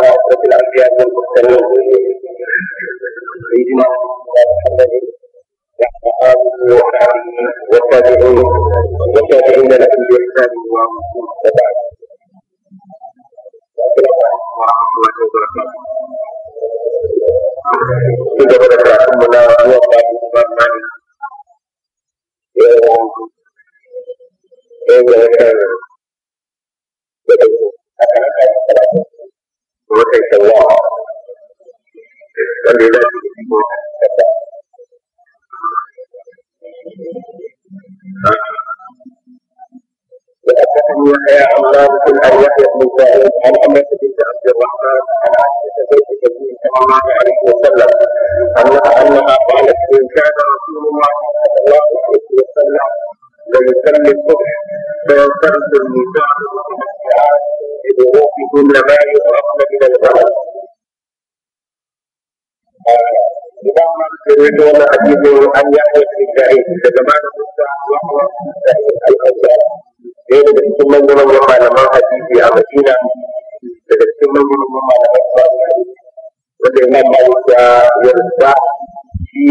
وعلى أشرف الأنبياء والمرسلين سيدنا محمد وعلى آله وصحبه والتابعين والتابعين لهم بإحسان وبعد السلام عليكم ورحمة الله وبركاته. Kita berdoa kepada Allah Subhanahu Wa Taala. Ya وتنسى الله خلي لا وحدثني يا عن مالك ان يحيى بن سعيد عن أمة بنت عبد الرحمن عن عائشة بنت النبي صلى الله عليه وسلم أنها أنها قالت إن كان رسول الله صلى الله عليه وسلم ويكلفه فينفرد الميثاق بظروف كل ما يخاف من الغلط إمام daga cikin manyan a Madina daga cikin manyan malaman hadisi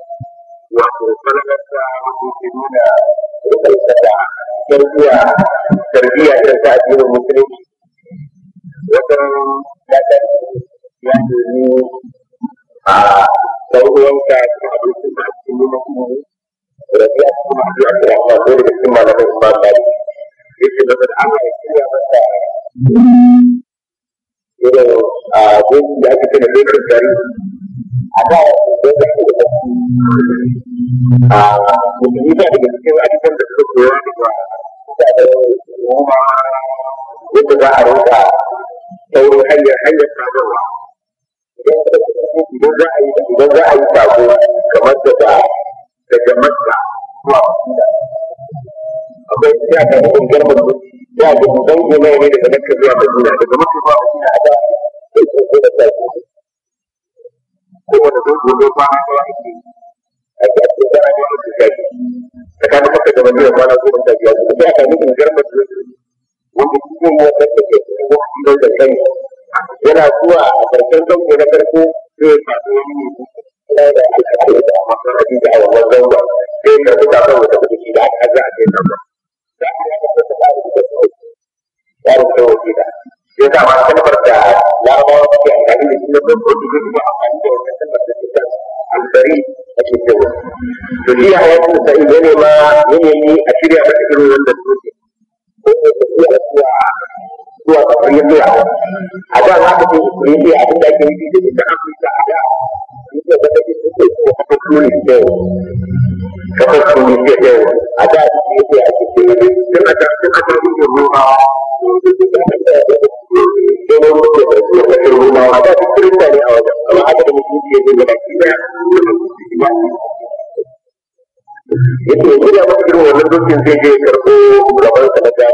wato falalarsa wanda yake nuna ɗaukaka tarbiyya tarbiyya irin ta addinin musulunci wajen ya ɗan ya nemi a ɗan'uwanka cikin abincin da cikin nuna kuma da kuma a kira dole da cikin malamai ba da ana ya masa irin a gungun da ake kira lokacin gari a ba da a ah, musulmi da daga cikin ayyukan da suka koya daga mutane goma yadda za a rinka saurin hanyar hanyar sadarwa idan za a yi idan za a yi sako kamar daga daga makka zuwa madina akwai ya ga mutum ya ga mutum goma ne daga makka zuwa madina daga makka zuwa madina a da sai ko da sako kowane zai gobe kwana ɗaya ake yi ake a cikin da wani da sai aka nufin ya kai yana zuwa a karshen zango na farko zai faɗi wani ne da alƙalu da masarari da awawar zango zai karɓi zafin wata kuɗi shi da aka za a kai zango da aka yi da ta ƙari da ta ƙari tsarin kai da ya sa ma kalmar da larabawa suke amfani da shi na zango da zai amfani da wannan kalmar da ta ƙari albari ake cewa to shi ya yi sa'in ya nema yanayi a shirya mata irin wanda suke ko ya tafiya a zuwa Afirka a da za ka kuma Afirka abin da ake nufi duk da Afirka a da Afirka da kuma suke kuma kafa kuma da yawa kafa kuma da yawa a da Afirka kuma ce kuma a kuma tun kuma da kuma Roma yake gida masa irin wannan dokin zai je karɓo gaban sa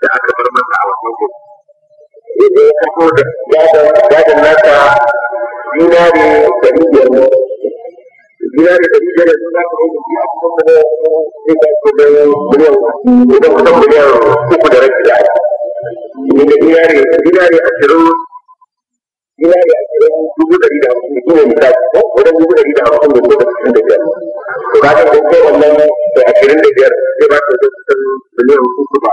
da aka bar masa a wannan gudu idan ya fito da gadon nasa dinari da biyar ne dinari da biyar da za ka yi da kuma da zai ga da miliyan idan kusan miliyan uku da rabi da ake inda dinari dinari ashirin dinari ashirin dubu dari da hamsin shi ne misali wajen dubu dari da hamsin da dubu da hamsin da biyar to kaga da wannan da ashirin da biyar zai ba ka wajen kusan miliyan uku ba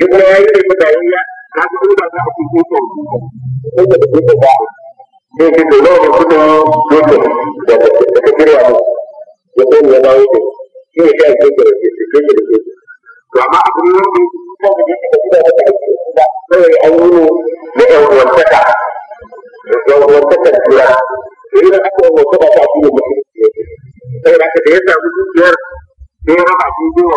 duk wani yayi da kuma na ga ba za a cikin ko ko da duk da ne ke da lawa ko da dole da da kira ne da ko ne ba wuce shi ne kai ke da ke da ke to amma a kuma ne ko da ke da da da da sai an yi ne da wannan taka da wannan taka kira idan aka yi wata ba ta cikin mutum sai da aka da ya samu yi sai ya raba shi zuwa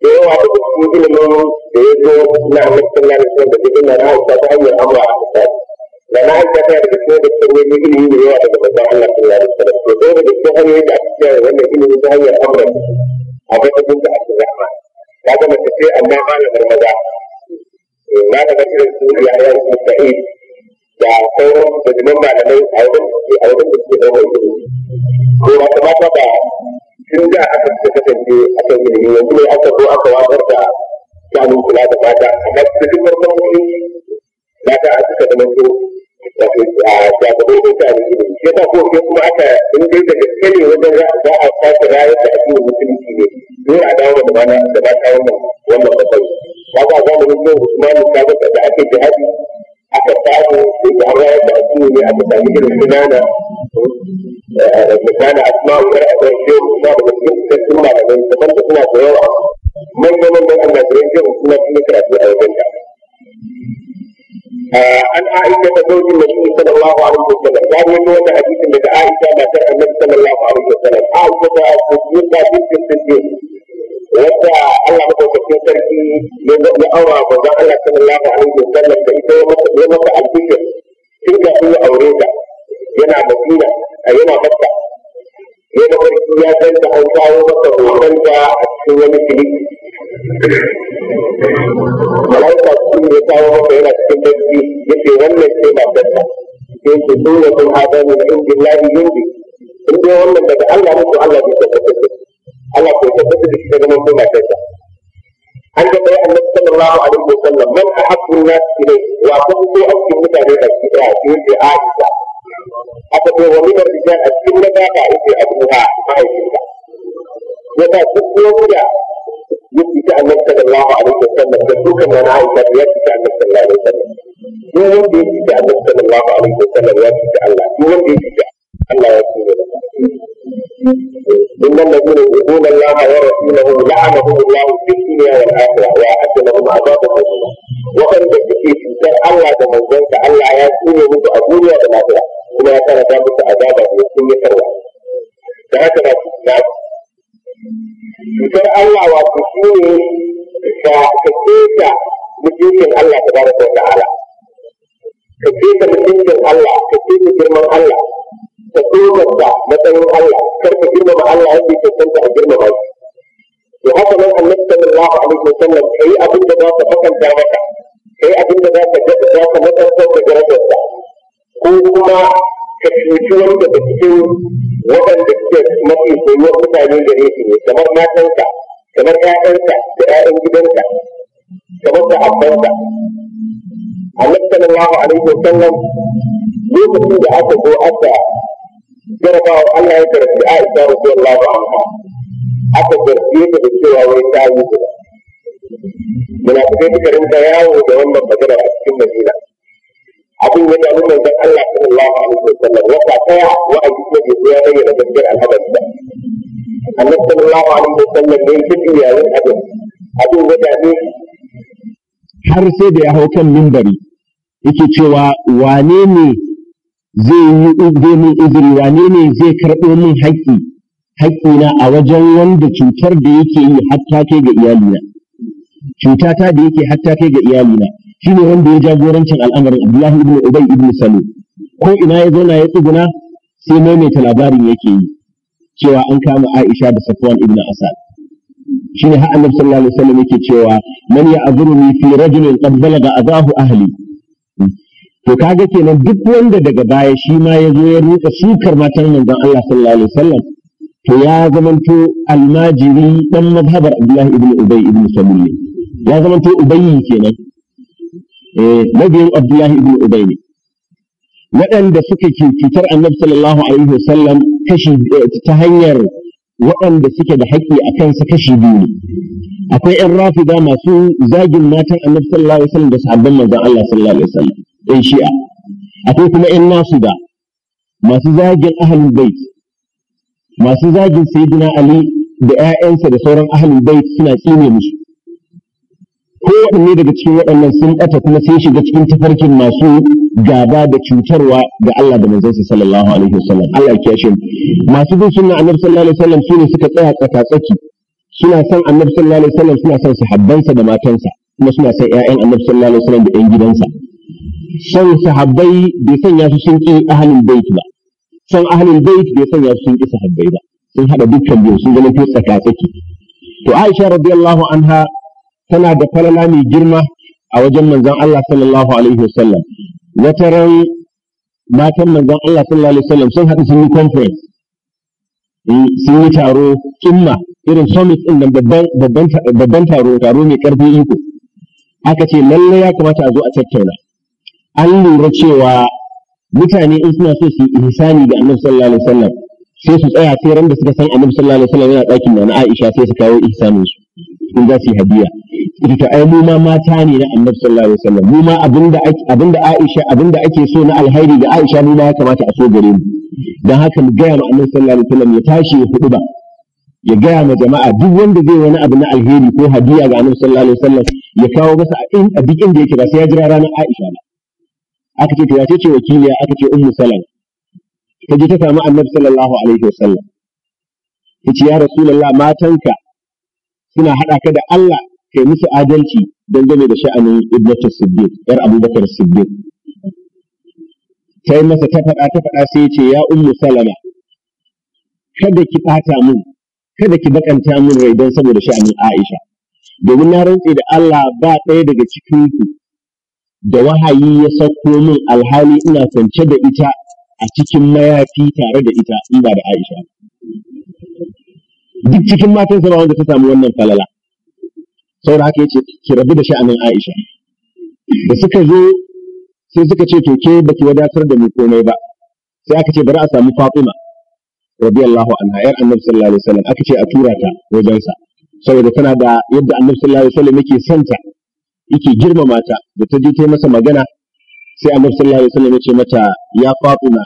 da yawa da cikin ilimin da ya zo na annabcin na da cikin na na'aisha ta hanyar amma a misali da na'aisha ta daga da cikin ilimi da yawa daga babban allah sun yari sanar da ɗaya daga cikin hanyoyin da aka kiyaye wannan ilimi ta hanyar amma a matsayin da aka zama ta zama ta ce amma malamar maza na daga cikin su yayan musa'id da sauran da malamai a wurin da suke ɗaukar ilimi ko ba ta ba sun da aka suka kasance a kan ilimi yanzu ne aka zo aka wakar da shanun kula da mata amma su duk farkon wani mata a suka zama su wato a shagabai da ta ne ilimi shi yasa ko sai kuma aka in dai da gaske ne wajen za a sake rayar da addinin musulunci ne dole a dawo da mana da ba ta wannan wannan matsayi ba za a zamanin musulmanin usmanu ta ga da ake jihadi aka samu sun yi Allah ya ta'addu ne aka sami irin sunana da sunana asma'u kar a kan shehu suna da cikin cikin sun malamai daban da suna da yawa manyan manyan Allah da yanke suna sun yi karatu a wajen ka. an aisha ta sauƙin da shi sallallahu alaihi wa sallam ya yi wani wani hadisin daga aisha matar annabi sallallahu alaihi wa sallam aisha ta kuɗi ta cikin cikin wanda Allah maɗaukakin sarki ya aura ba za sai ce dole sun haɗa ne da inda lahi yanzu in dai wannan daga Allah ne to Allah bai tabbatar da Allah bai tabbatar da shi daga nan sai matarsa an ga dai annabi sallallahu alaihi sallam. man ahabbu an-nas ilayhi wa kuma sai a cikin mutane da shi da a cikin Aisha aka ce wa min rijal a cikin maza ka ake abuha ma'aikinka ya ba duk wanda ya fita annabi sallallahu alaihi sallam da dukkan wani Aisha ya ta annabi sallallahu alaihi wasallam duk wanda ya fita annabi sallallahu alaihi wasallam ya ci Allah in wani ya ci Allah ya ci da ba inna allazina yuqulu allaha wa rasuluhu la'anahum allahu fi dunya wal akhirah wa atlahum adabun qadima wa qad tafi fi sar allah da manzanka allah ya tsine muku a duniya da lafiya kuma ya tsara muku azaba da kun yi karwa da haka da na sar allah wa ku shine ka ka ce ka mutumin allah tabaraka wa ta'ala ka keta mutuncin Allah ka keta girman Allah ka tsoronta matsayin Allah kar ka girmama Allah yadda ke son a girmama shi to haka nan annabi sallallahu alaihi wasallam kai abin da za ka fakanta maka kai abin da za ka gaba za ka matsarta da darajarsa ko kuma ka cuci da cikin waɗanda suke mafi soyuwar mutane gare shi ne kamar matanka kamar 'ya'yanka da 'ya'yan gidanka kamar da annabi sallallahu alaihi wa sallam lokacin da aka zo aka jarabawa Allah ya karfi Aisha radiyallahu anha aka karfi ta da cewa wai ta yi guda munafikai suka rinka yawo da wannan magana a cikin Madina abin ya damu manzon Allah sallallahu alaihi wa sallam wata daya wa'azi ne da ya bayyana gaskiyar al'amari ba annabi sallallahu alaihi wa sallam ne ya fi yawon abin abin ya dame har sai da ya hau kan mimbari yake cewa wane ne zai yi zai min izini wane ne zai karɓo min haƙƙi haƙƙina a wajen wanda cutar da yake yi hatta kai ga iyalina cutata da yake hatta kai ga iyalina shine wanda ya jagorancin al'amarin Abdullahi ibn Ubay ibn Salul ko ina ya zauna ya tsuguna sai maimaita labarin yake yi cewa an kama Aisha da Safwan ibn Asad shine har Annabi sallallahu alaihi wasallam yake cewa man ya'zuruni fi rajulin qad balaga adahu ahli to kaga kenan duk wanda daga baya shi ma ya zo ya rika sukar matan manzon Allah sallallahu alaihi wasallam to ya zamanto almajiri dan mazhabar Abdullah ibn Ubay ibn Salul ya zamanto Ubay kenan eh mabiyin Abdullah ibn Ubay ne waɗanda suka ke cutar annabi sallallahu alaihi wasallam kashi eh, ta hanyar waɗanda suke da haƙƙi a kansa kashi biyu ne akwai 'yan rafida masu zagin matan annabi sallallahu alaihi wasallam da sahabban manzon Allah sallallahu alaihi wasallam ‘yan shi'a, akwai kuma ‘yan nasu da masu zagin ahalin bait, masu zagin Sayyidina Ali da ‘ya'yansa da sauran ahalin bait suna tsine musu. Ko waɗanne daga cikin waɗannan sun ɓata kuma sai shiga cikin tafarkin masu gaba da cutarwa ga Allah da manzansa sallallahu alaihi wasallam. Allah ya kiyashe Masu bin sunna annabi sallallahu alaihi wasallam su suka tsaya tsaka suna son annabi sallallahu alaihi wasallam suna son sahabbansa da matansa kuma suna son ƴaƴan annabi sallallahu alaihi wasallam da ƴan gidansa. son sahabbai bai sanya su sun ƙi ahalin bait ba son ahalin bait bai sanya su sun ƙi sahabbai ba sun haɗa dukkan biyu sun zama to tsaka-tsaki to Aisha radiyallahu anha tana da falala mai girma a wajen manzon Allah sallallahu alaihi wasallam wata ran matan manzon Allah sallallahu alaihi wasallam sun haɗu sun yi conference eh, sun yi taro kimma irin summit din nan babban taro taro mai karfi iko aka ce lalle ya kamata a zo a tattauna an lura cewa mutane in suna so su yi ihsani ga annabi sallallahu alaihi wasallam sai su tsaya sai ran da suka san annabi sallallahu alaihi wasallam yana ɗakin da na Aisha sai su kawo ihsanin su in za su yi hadiya ita ta ai mu ma mata ne na annabi sallallahu alaihi wasallam mu ma abinda abinda Aisha abinda ake so na alhairi ga Aisha mu ma ya kamata a so gare mu dan haka mu gaya ma annabi sallallahu alaihi wasallam ya tashi ya hudu ba ya gaya ma jama'a duk wanda zai wani abu na alheri ko hadiya ga annabi sallallahu alaihi wasallam ya kawo masa a duk inda yake ba sai ya jira ranar Aisha ba aka ce ya ce wakiliya aka ce ummu salam ta je ta samu annabi sallallahu alaihi wasallam ta ce ya rasulullah matanka suna haɗa ka da Allah kai musu adalci dangane da sha'anin ibnatu siddiq yar abubakar siddiq sai masa ta faɗa ta faɗa sai ce ya ummu salama kada ki ɓata mun kada ki bakanta mun rai don saboda sha'anin aisha domin na rantse da Allah ba ɗaya daga cikin ku da wahayi ya sauko min alhali ina kwance da ita a cikin mayafi tare da ita in ba da Aisha. Duk cikin matan sama wanda ta samu wannan falala. Saura haka yace ki rabu da sha'anin Aisha. Da suka zo sai suka ce to ke baki wadatar da mu komai ba. Sai aka ce bari a samu Fatima radiyallahu anha yar Annabi sallallahu alaihi wasallam aka ce a tura ta wajensa saboda tana da yadda Annabi sallallahu alaihi wasallam yake santa. yake girmama ta da ta je ta yi masa magana sai annabi sallallahu alaihi wasallam ya ce mata ya fatima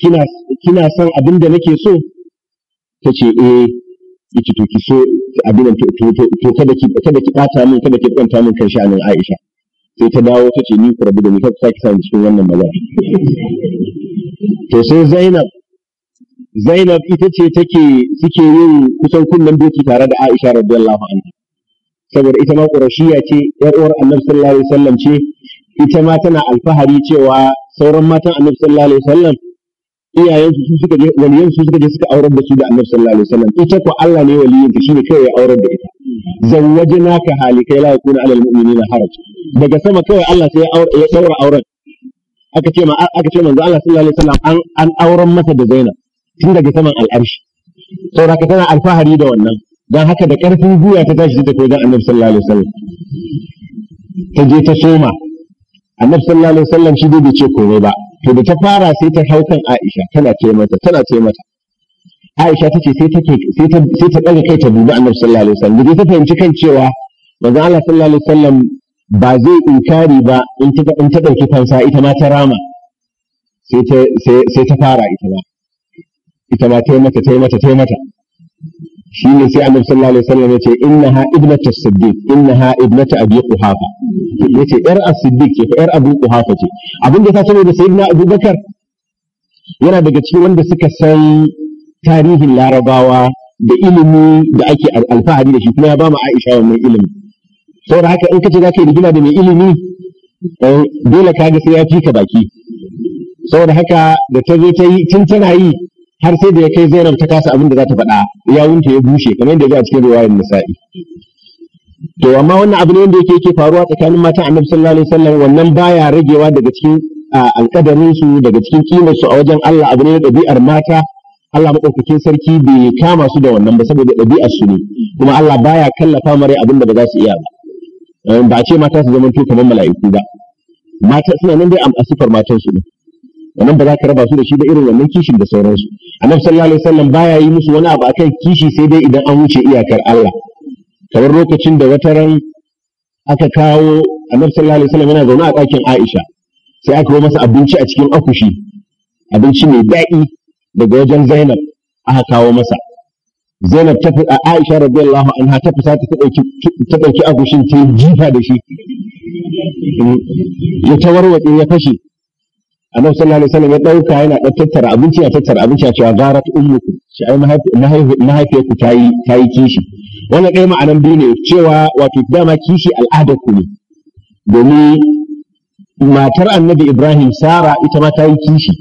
kina kina son abin da nake so ta ce eh yace to ki so abin da to kada ki kada ki bata min kada ki kwanta min kan sha'anin Aisha sai ta dawo ta ce ni ku rabu da ni ka ki sani cikin wannan magana to sai Zainab Zainab ita ce take suke yin kusan kunnen doki tare da Aisha radiyallahu anha saboda ita ma ƙurashiya ce yar uwar annabi sallallahu alaihi wasallam ce ita ma tana alfahari cewa sauran matan annabi sallallahu alaihi wasallam iyayensu su suka je waliyan su suka je suka aurar da su da annabi sallallahu alaihi wasallam ita ko Allah ne waliyin ta shine kai ya aurar da ita ka halikai la yakuna alal mu'minina haraj daga sama kawai Allah sai ya saura auren aka ce ma aka ce manzo Allah sallallahu alaihi wasallam an an auren masa da Zainab tun daga saman al'arshi saboda tana alfahari da wannan don haka da ƙarfin guya ta tashi ta tafi wajen annabi sallallahu alaihi wasallam ta je ta soma annabi sallallahu alaihi wasallam shi bai ce komai ba to da ta fara sai ta hau kan Aisha tana ce mata tana ce mata Aisha ta ce sai ta sai ta sai ta ɗaga kai ta dubi annabi sallallahu alaihi wasallam da ta fahimci kan cewa maza Allah sallallahu alaihi wasallam ba zai inkari ba in ta in ta ɗauki fansa ita ma ta rama sai ta sai ta fara ita ma ita ma ta yi mata ta yi mata ta yi mata shi ne sai annabi sallallahu alaihi wasallam yace ha ibnatu siddiq ha ibnatu abi quhafa yace yar as-siddiq ce yar abu quhafa ce abin da ta da sayyidina abubakar yana daga cikin wanda suka san tarihin larabawa da ilimi da ake alfahari da shi kuma ya ba mu aisha wannan ilimi saboda haka in kace zaka yi rigina da mai ilimi eh, dole ka ga sai ya fika baki saboda haka da ta zo ta yi tun tana yi har sai da ya kai Zainab ta kasa abin da za ta faɗa yawunta ya bushe kamar yadda ya a cikin riwayar Nisa'i to amma wannan abu ne wanda yake yake faruwa tsakanin matan Annabi sallallahu alaihi wasallam wannan baya ragewa daga cikin alƙadarin su daga cikin kimar su a wajen Allah abu ne da ɗabi'ar mata Allah maɗaukakin sarki bai kama su da wannan ba saboda ɗabi'ar su ne kuma Allah baya kallafa mare abin da ba za su iya ba ba a ce mata su zama kamar mala'iku ba mata suna nan dai a sifar matan su ne wannan ba za ka raba su da shi ba irin wannan kishin da sauransu annabi sallallahu alaihi wasallam baya yi musu wani abu akan kishi sai dai idan an wuce iyakar Allah kamar lokacin da wata ran aka kawo annabi sallallahu alaihi wasallam yana zaune a ɗakin Aisha sai aka yi masa abinci a cikin akushi abinci mai daɗi daga wajen Zainab aka kawo masa Zainab ta fi Aisha radiyallahu anha ta fi ta ta dauki akushin ta jifa da shi ya tawarwade ya fashe annabi sallallahu alaihi wasallam ya dauka yana da tattara abinci a tattara abinci a cewa garat ummuku shi ai mahaifiyarku ta yi ta yi kishi wannan ɗaya ma'anan biyu ne cewa wato dama kishi al'adar ku ne domin matar annabi ibrahim sara ita ma ta yi kishi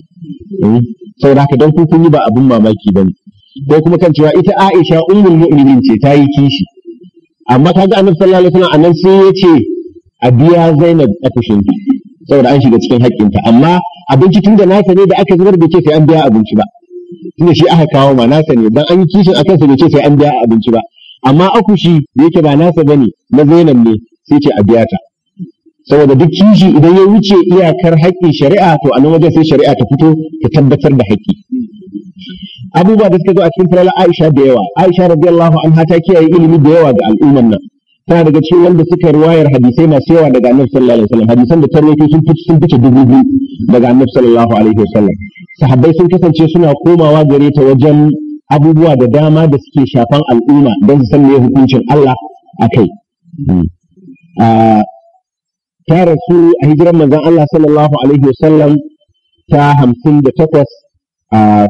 hmm? saboda haka dan kun yi ba abin mamaki ba ne ko kuma kan cewa ita aisha ummul mu'minin ce ta yi kishi amma ga annabi sallallahu alaihi wasallam annan sai ya ce a biya zainab a kushinki saboda an shiga cikin haƙƙinta amma abinci tun da nasa ne da aka zubar bai ce sai an biya abinci ba tunda shi aka kawo ma nasa ne dan an yi kishin akan sa bai ce sai an biya abinci ba amma akushi da yake ba nasa bane na zainab ne sai ce a biya ta saboda duk kishi idan ya wuce iyakar haƙƙin shari'a to a nan wajen sai shari'a ta fito ta tabbatar da haƙƙi abubuwa da suka zo a cikin falalar Aisha da yawa Aisha radiyallahu anha ta kiyaye ilimi da yawa ga al'ummar nan tana daga cikin wanda suka riwayar hadisai masu yawa daga annabi sallallahu alaihi wasallam hadisan da tarwaito sun fice sun fice dubu biyu daga annabi sallallahu alaihi wasallam sahabbai sun kasance suna komawa gare ta wajen abubuwa da dama da suke shafan al'umma don su san me hukuncin Allah a kai hmm. ta rasu a hijiran manzon Allah sallallahu alaihi wasallam ta hamsin da takwas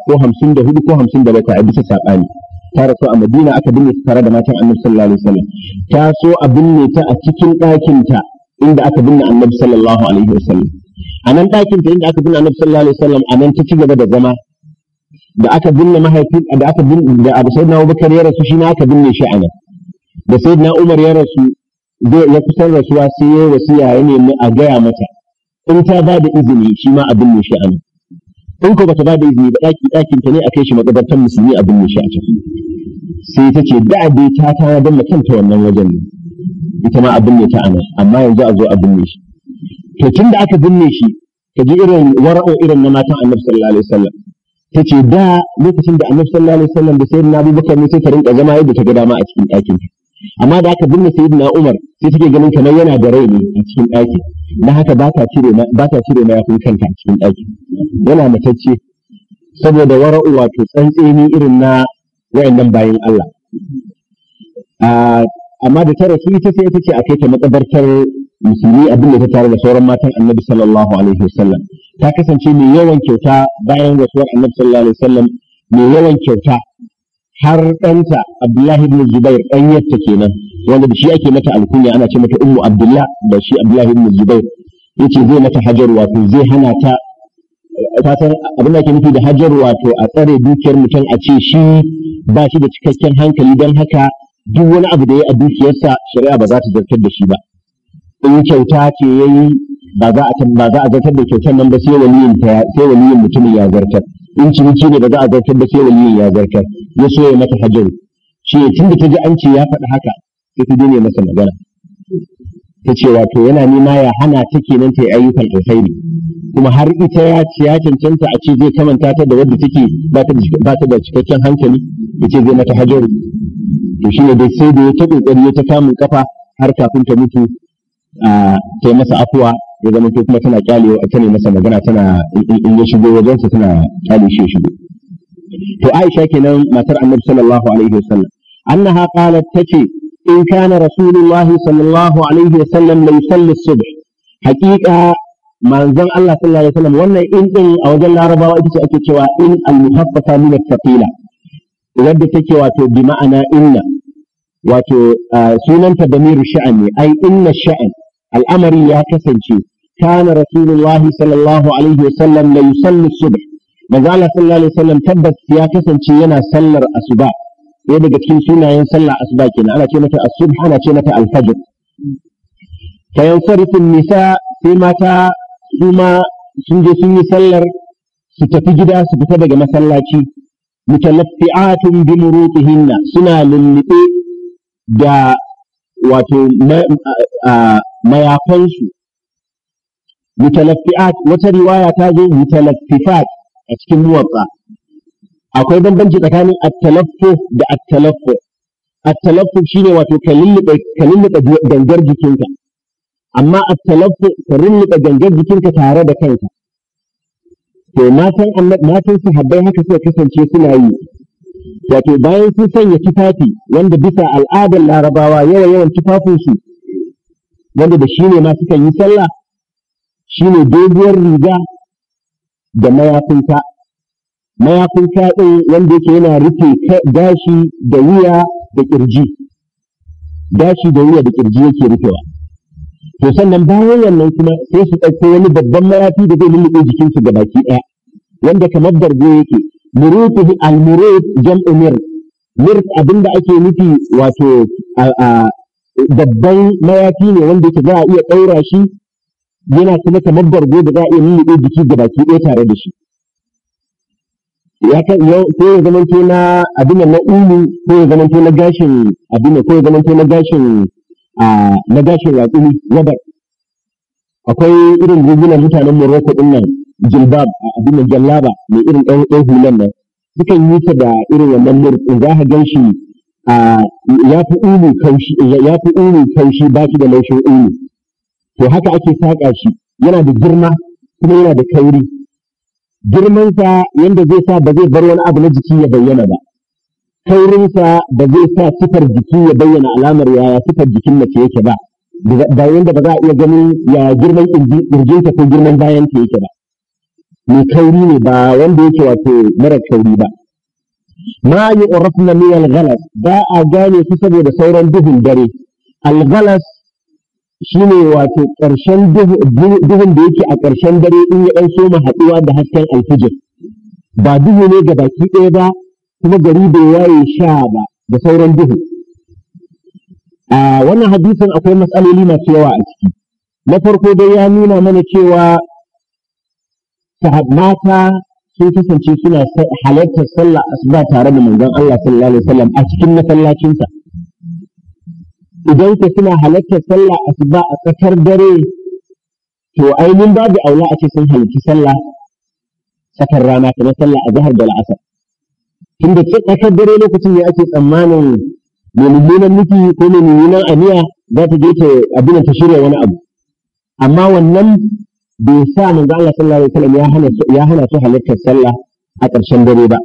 ko hamsin da hudu ko hamsin da bakwai a bisa saɓani ta rasu a Madina aka binne ta tare da matan Annabi sallallahu alaihi wasallam ta so a binne ta a cikin ɗakin ta inda aka binne Annabi sallallahu alaihi wasallam a nan ɗakin ta inda aka binne Annabi sallallahu alaihi wasallam a nan ta ci gaba da zama da aka binne mahaifin da aka binne da Abu Sayyidina Abubakar ya rasu shi ma aka binne shi a nan da Sayyidina Umar ya rasu ya kusan rasuwa sai ya wasiya ya nemi a gaya mata in ta ba da izini shi ma a binne shi a nan in ko bata ba da izini ba ɗaki ɗakin ta ne a kai shi makabartar musulmi a binne shi a ciki sai ta ce da abin ta ta don kanta wannan wajen ne ita ma a binne ta ana amma yanzu a zo a binne shi to tun da aka binne shi ka ji irin wara'o irin na matan annabi sallallahu alaihi wasallam ta ce da lokacin da annabi sallallahu alaihi wasallam da sayyidina abubakar ne sai ta rinka zama yadda ta ga dama a cikin ɗakin ta amma da aka binne na Umar sai take ganin kamar yana da rai ne a cikin ɗaki na haka ba ta cire ba ta cire mayafin kanta a cikin ɗaki yana matacce saboda wara'u wato tsantseni irin na wayannan bayan Allah amma da tare rasu ita sai ta ce a kai ta matsabartar musulmi abin da ta tare da sauran matan annabi sallallahu alaihi wasallam ta kasance mai yawan kyauta bayan rasuwar annabi sallallahu alaihi wasallam mai yawan kyauta har ɗanta Abdullahi ibn Zubair ɗan yatta kenan wanda da shi ake mata alkunya ana ce mata ummu Abdullah da shi Abdullahi ibn Zubair yace zai mata hajar wato zai hana ta fatan abin da ke nufi da hajar wato a tsare dukiyar mutum a ce shi ba shi da cikakken hankali don haka duk wani abu da ya a dukiyarsa shari'a ba za ta zartar da shi ba in kyauta ce yayi ba za a ba zartar da kyautar nan ba sai waliyin sai waliyin mutumin ya zartar in ciniki ne ba za a zartar da sai waliyin ya zartar ya so ya mata hajjar shi ne tun da ta ji an ce ya faɗi haka sai ta dine masa magana ta ce wato yana nema ya hana ta kenan ta yi ayyukan alkhairi kuma har ita ya ce ya cancanta a ce zai kamanta ta da wadda take ba ta da cikakken hankali ya ce zai mata hajjar to shi ne dai sai da ya ta kokari ya ta kamun kafa har kafin ta mutu ta yi masa afuwa ya zama sai kuma tana kyale a tana masa magana tana in ya shigo wajen sa tana kyale shi shigo to Aisha kenan matar Annabi sallallahu alaihi wasallam annaha qalat tace in kana rasulullah sallallahu alaihi wasallam la yusalli subh haqiqa manzon Allah sallallahu alaihi wasallam wannan in din a wajen larabawa ita ce ake cewa in al-muhaffafa min al-thaqila wadda take wato bi ma'ana inna wato ah, sunanta Damiru sha'an ne ai inna sha'an al'amari ya kasance كان رسول الله صلى الله عليه وسلم لا يصلي الصبح مازال صلى الله عليه وسلم تبت يا كسن ينا سلر أسبا sai daga cikin sunayen sallah asuba kenan ana ce mata asubh ana ce mata alfajr fa yansarifu nisa sai mata kuma sun je sun yi sallar su tafi gida su fita daga masallaci mutalaffi'atun bi murutihinna suna lullube da wato mayafansu mutalaffi'at wata riwaya ta zo mutalaffifat a cikin muwatsa akwai bambanci tsakanin at-talaffuf da at-talaffuf at-talaffuf shine wato ka lullube gangar jikinka amma at-talaffuf ka lullube gangar jikinka tare da kanka to matan matan sahabbai haka suka kasance suna yi wato bayan sun sanya tufafi wanda bisa al'adar larabawa yawa yawan tufafinsu wanda da shi ne ma suka yi sallah shi ne doguwar riga da mayafinta mayafinta ɗin wanda yake yana rufe gashi da wuya da ƙirji gashi da wuya da ƙirji yake rufewa to sannan bayan wannan kuma sai su ɗauko wani babban mayafi da zai lulluɓe jikinsu ga baki ɗaya wanda kamar dargo yake murutu al jam'u mir mir abinda ake nufi wato babban mayafi ne wanda yake za a iya ɗaura shi yana kuma kamar bargo da za a iya lulluɓe jiki da baki ɗaya tare da shi ya kan yau ko ya zama to na abin na ulu ko ya zama to na gashin abinan ko ya zama to na gashin a na gashin raƙumi wadar akwai irin rigunan mutanen Morocco ɗin nan jilbab a abin jallaba mai irin ɗan ɗan hulan nan sukan yi ta da irin wannan murfin za ka gan shi ya fi ulu kaushi ba shi da laushin ulu to haka ake saƙa shi yana da girma kuma yana da kauri girmansa yanda zai sa ba zai bar wani abu na jiki ya bayyana ba kaurinsa ba zai sa sifar jiki ya bayyana alamar yaya sifar jikin mace yake ba ba yanda ba za a iya ganin ya girman ƙirjinta ko girman bayanta yake ba mai kauri ne ba wanda yake wato mara kauri ba ma yi urafna min ba a gane su saboda sauran duhun dare al-ghalas shine wato ƙarshen duhun da yake a ƙarshen dare in ya ɗan soma haɗuwa da hasken alfijir ba duhu ne ga baki ɗaya ba kuma gari bai waye sha ba da sauran duhu a wannan hadisin akwai matsaloli masu yawa a ciki na farko dai ya nuna mana cewa mata sun kasance suna halartar sallah asuba tare da manzon Allah sallallahu alaihi wasallam a cikin masallacinsa idan ka suna halartar sallah asuba a tsakar dare to ainihin babu aula a ce sun halarci sallah tsakar rana kamar sallah a jihar da la'asar tunda tsakar dare lokacin ne ake tsammanin mai mummunan nufi ko mai mummunan aniya za ta je ta abin ta shirya wani abu amma wannan bai sa manzo Allah sallallahu alaihi wasallam ya hana ya hana su halartar sallah a ƙarshen dare ba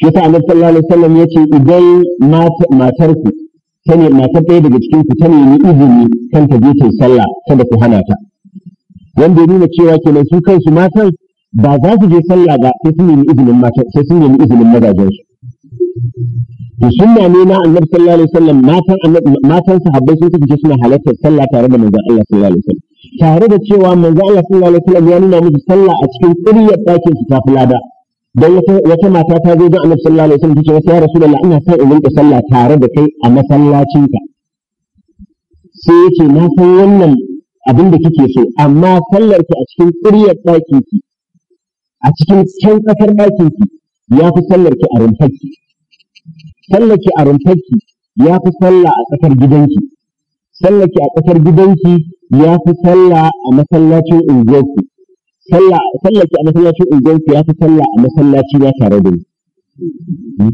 shi sa annabi sallallahu alaihi wasallam yace idan matarku ta ne matar ɗaya daga cikin ku ta nemi izini kan ta je ta sallah kada ku hana ta wanda ya nuna cewa kenan su kansu matan ba za su je sallah ba sai sun nemi izinin matan sai sun nemi izinin mazajen su to sunna ne na annabi sallallahu alaihi wasallam matan annabi matan sahabbai sun tafi suna halartar sallah tare da manzon Allah sallallahu alaihi wasallam tare da cewa manzon Allah sallallahu alaihi wasallam ya nuna musu sallah a cikin ƙuryar ɗakin su ta lada dan wata mata ta zo ga Annabi sallallahu alaihi wasallam tace ya Rasulullah ina sai in rinka sallah tare da kai a masallacinka sai yace na san wannan abin da kike so amma sallar ki a cikin ƙuryar ɗakin ki a cikin can ƙasar ɗakin ki ya fi sallar ki a rumfarki sallar ki a rumfaki ya fi sallah a tsakar gidanki sallar ki a tsakar gidanki ya fi sallah a masallacin unguwarku sallah ki a masallacin unguwarku ya fi sallah a masallaci na tare da ni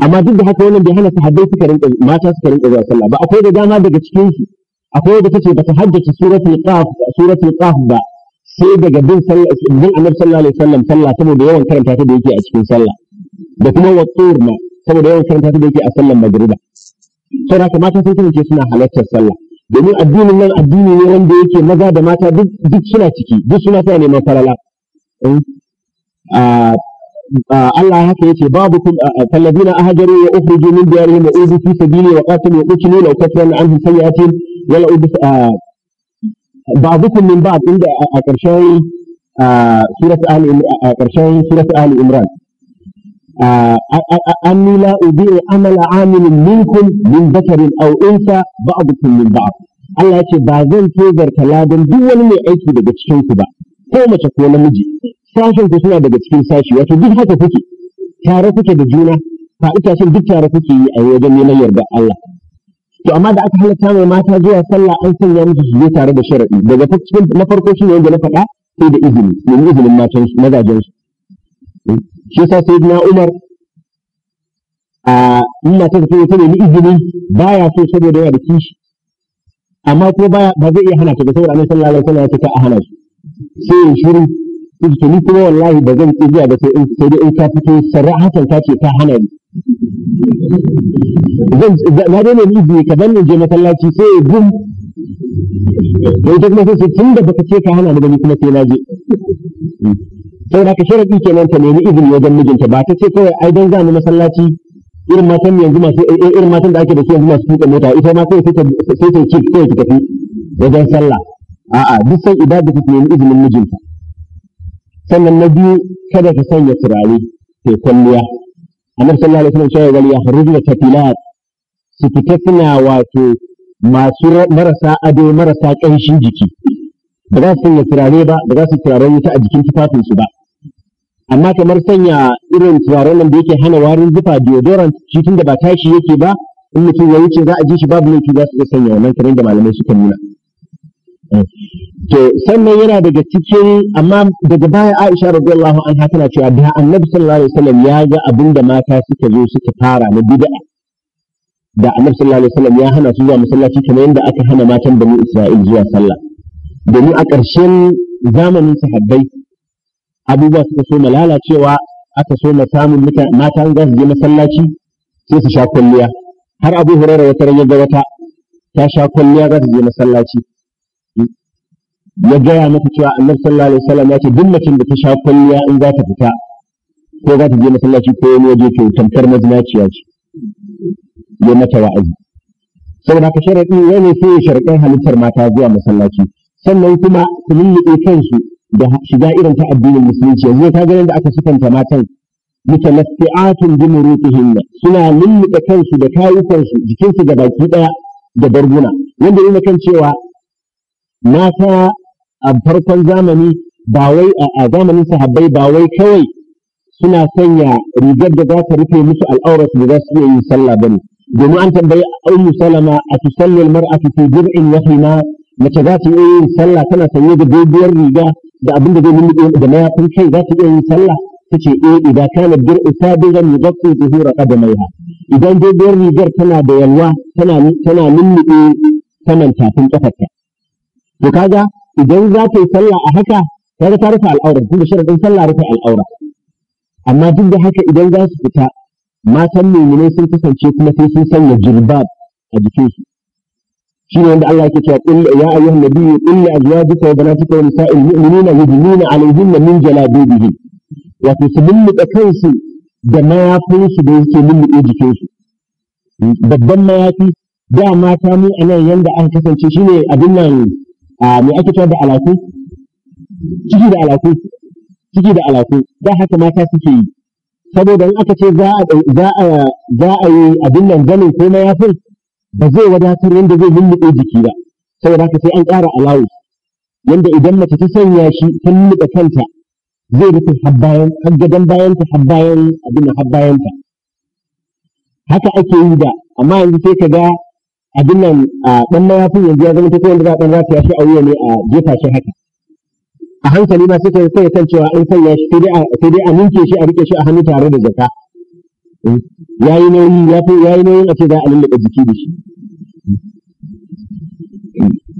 amma duk da haka wannan bai hana sahabbai suka rinka mata suka rinka zuwa sallah ba akwai da dama daga cikin su akwai da tace bata haddace suratul qaf suratul qaf ba sai daga bin sallah bin annabi sallallahu alaihi wasallam sallah saboda yawan karanta ta da yake a cikin sallah da kuma wattur ma saboda yawan karanta ta da yake a sallar magriba saboda haka mata sun kasance suna halartar sallah domin addinin nan addini ne wanda yake maza da mata duk suna ciki duk suna sa ne falala eh, Allah haka yace babu kalladina ahajaru wa ukhriju min diyarihim wa uzu fi sabili wa qatalu wa qutilu law kafaru anhum sayyi'atin wa la udu ba'dukum min ba'd inda a ƙarshen surat ahli a ƙarshen surat ahli imran أني لا أضيع عمل عامل منكم من ذكر أو أنثى بعضكم من بعض Allah ya ce ba zan tozarta ladan duk wani mai aiki daga cikinku ba ko mace ko namiji sashen ku suna daga cikin sashi wato duk haka kuke tare kuke da juna fa ita sun duk tare kuke yi a wajen neman yarda Allah to amma da aka halatta mai mata zuwa sallah an sanya musu su je tare da sharadi daga cikin na farko ne yadda na faɗa sai da izini ne izinin matan shi yasa sai na Umar a ina ta tafi ta nemi izini baya so saboda yana da kishi amma ko baya ba zai iya hana ta ga saboda Annabi sallallahu alaihi wasallam ya ce a hana shi sai shiru to ni kuma wallahi ba zan ki zuwa ba sai in sai in ka fito sarahatan ta ce ta hana ni zan na dai ne izini ka ban je masallaci sai ya gum dan ta kuma sai tun da baka ce ka hana ni ba ni kuma sai na je saboda haka sharadi kenan ta nemi izini wajen mijinta ba ta ce kawai ai dan za mu masallaci irin matan yanzu masu eh, eh, irin matan da ake da su yanzu masu tuka mota ita ma kawai sai ta sai ta ci kawai ta tafi wajen sallah a'a duk san ibada ta nemi izinin mijinta sannan na biyu kada ta sanya turare ke kwalliya annabi sallallahu alaihi wasallam cewa wal yakhrujna tafilat su fita suna wato masu marasa ado marasa ƙanshin jiki ba za su sanya turare ba ba za su turaren wuta a jikin tufafinsu ba amma kamar sanya irin turaren nan da yake hana warin zufa deodorant shi tun da ba tashi yake ba in mutum ya wuce za a ji shi babu laifi za su iya sanya wannan kamar da malamai suka nuna eh. to sannan yana daga cikin amma daga baya Aisha radiyallahu anha tana cewa da Annabi sallallahu alaihi wasallam ya ga abin mata suka zo suka fara na bid'a da Annabi sallallahu alaihi wasallam ya hana su zuwa masallaci kamar yadda aka hana matan Bani Isra'il zuwa sallah domin a ƙarshen zamanin sahabbai abubuwa suka so lalacewa aka so na samun mata za su je masallaci sai su sha kwalliya har abu hurairar wata ran ga wata ta sha kwalliya za su je masallaci ya gaya mata cewa annabi sallallahu alaihi wasallam ya ce duk mutum da ta sha kwalliya in za ta fita ko za ta je masallaci ko wani waje ke tamkar mazinaciya ce ya mata wa'azi saboda haka sharadi wani sai ya sharɗin halittar mata zuwa masallaci sannan kuma su lulluɓe kansu da shiga irin ta addinin musulunci yanzu ka ga yadda aka sifanta matan mutalaffi'atun bi murutihinna suna lulluɓe kansu da kayukansu jikinsu da baki ɗaya da barguna wanda yana kan cewa mata a farkon zamani ba wai a zamanin sahabbai ba wai kawai suna sanya rigar da za ta rufe musu al'aurar da za su iya yin sallah bane domin an tambayi ummu salama a tusalli al-mar'atu fi dir'in yahima mace za ta iya yin sallah tana sanye da doguwar riga da abin da zai lulluɓe da mayafin kai za su iya yin sallah ta ce eh idan kana dir'u sabiran yughatti zuhura qadamaiha idan doguwar rigar tana da yalwa tana tana lulluɓe saman tafin kafarta to kaga idan za ta yi sallah a haka kaga ta rufe al'aura da sharadin sallah rufe al'aura amma duk da haka idan za su fita matan menene sun kasance kuma sai sun sanya jirbab a jikinsu shine wanda Allah yake cewa qul ya ayyuhan nabiyyu qul li azwajika wa banatika wa nisa'il mu'minina yudnina 'alayhinna min jalabibihin wato su lulluɓe kansu da mayafinsu da yake lulluɓe jikinsu babban mayafi da mata mu a nan yanda aka kasance shine abin nan me ake cewa da alaku ciki da alaku ciki da alaku da haka mata suke yi saboda in aka ce za a za a yi abin nan zanin ko mayafin ba zai wadatar yadda zai lulluɓe jiki ba saboda haka sai an ƙara alawu yadda idan mace ta sanya shi ta lulluɓe kanta zai rufe habbayan haggadan bayan habbayan abin habbayan ta haka ake yi da amma yanzu sai ka ga abin nan a ɗan mayafin yanzu ya zama ta yadda za a ɗan a wuya ne a jefa shi haka a hankali ma sai ka sai kan cewa an sanya shi sai dai a ninke shi a riƙe shi a hannu tare da jaka ya yi nauyi ya fi ya yi nauyin a ce za a lullube jiki da shi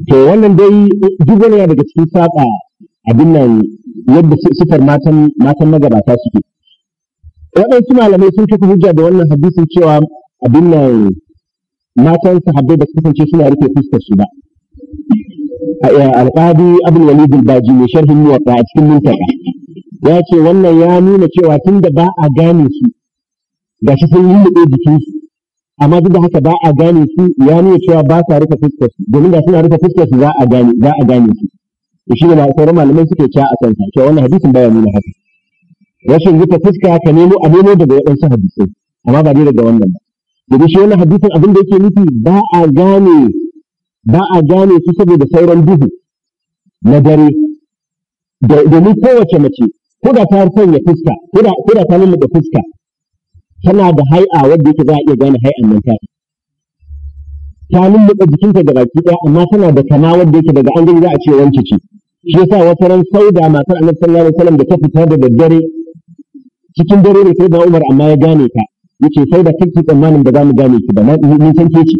to wannan dai duk wani yana daga cikin saƙa abin nan yadda sifar matan matan magabata suke waɗansu malamai sun kafa hujja da wannan hadisin cewa abin nan matan sahabbai ba su kasance suna rufe fuskar su ba alƙadi abin walid al-baji mai sharhin muwatta a cikin mintaka ya ce wannan ya nuna cewa tun da ba a gane su ga shi sun lulluɓe jikin su amma duk da haka ba a gane su ya nuna cewa ba sa rufe fuskar su domin da suna rufe fuskar su za a gane za a gane su to shi ne ma sauran malamai suke cewa a kansa cewa wannan hadisin baya nuna haka rashin rufe fuska ka nemo a nemo daga waɗansu hadisai amma ba dai daga wannan ba domin shi wannan hadisin abin da yake nufi ba a gane ba a gane su saboda sauran duhu na dare domin kowace mace ko da ta sanya fuska ko da ta lullube fuska tana da hai'a wadda yake za a iya gane hai'an nan ta ta lulluɓe jikinta da baki ɗaya amma tana da kana wadda yake daga an gani za a ce wance ce shi yasa wata ran sauda matar annabi sallallahu alaihi wasallam da ta fita da daddare cikin dare ne sai da Umar amma ya gane ta yace sai da kake tsammanin da za mu gane ki ba na ni san ke ci.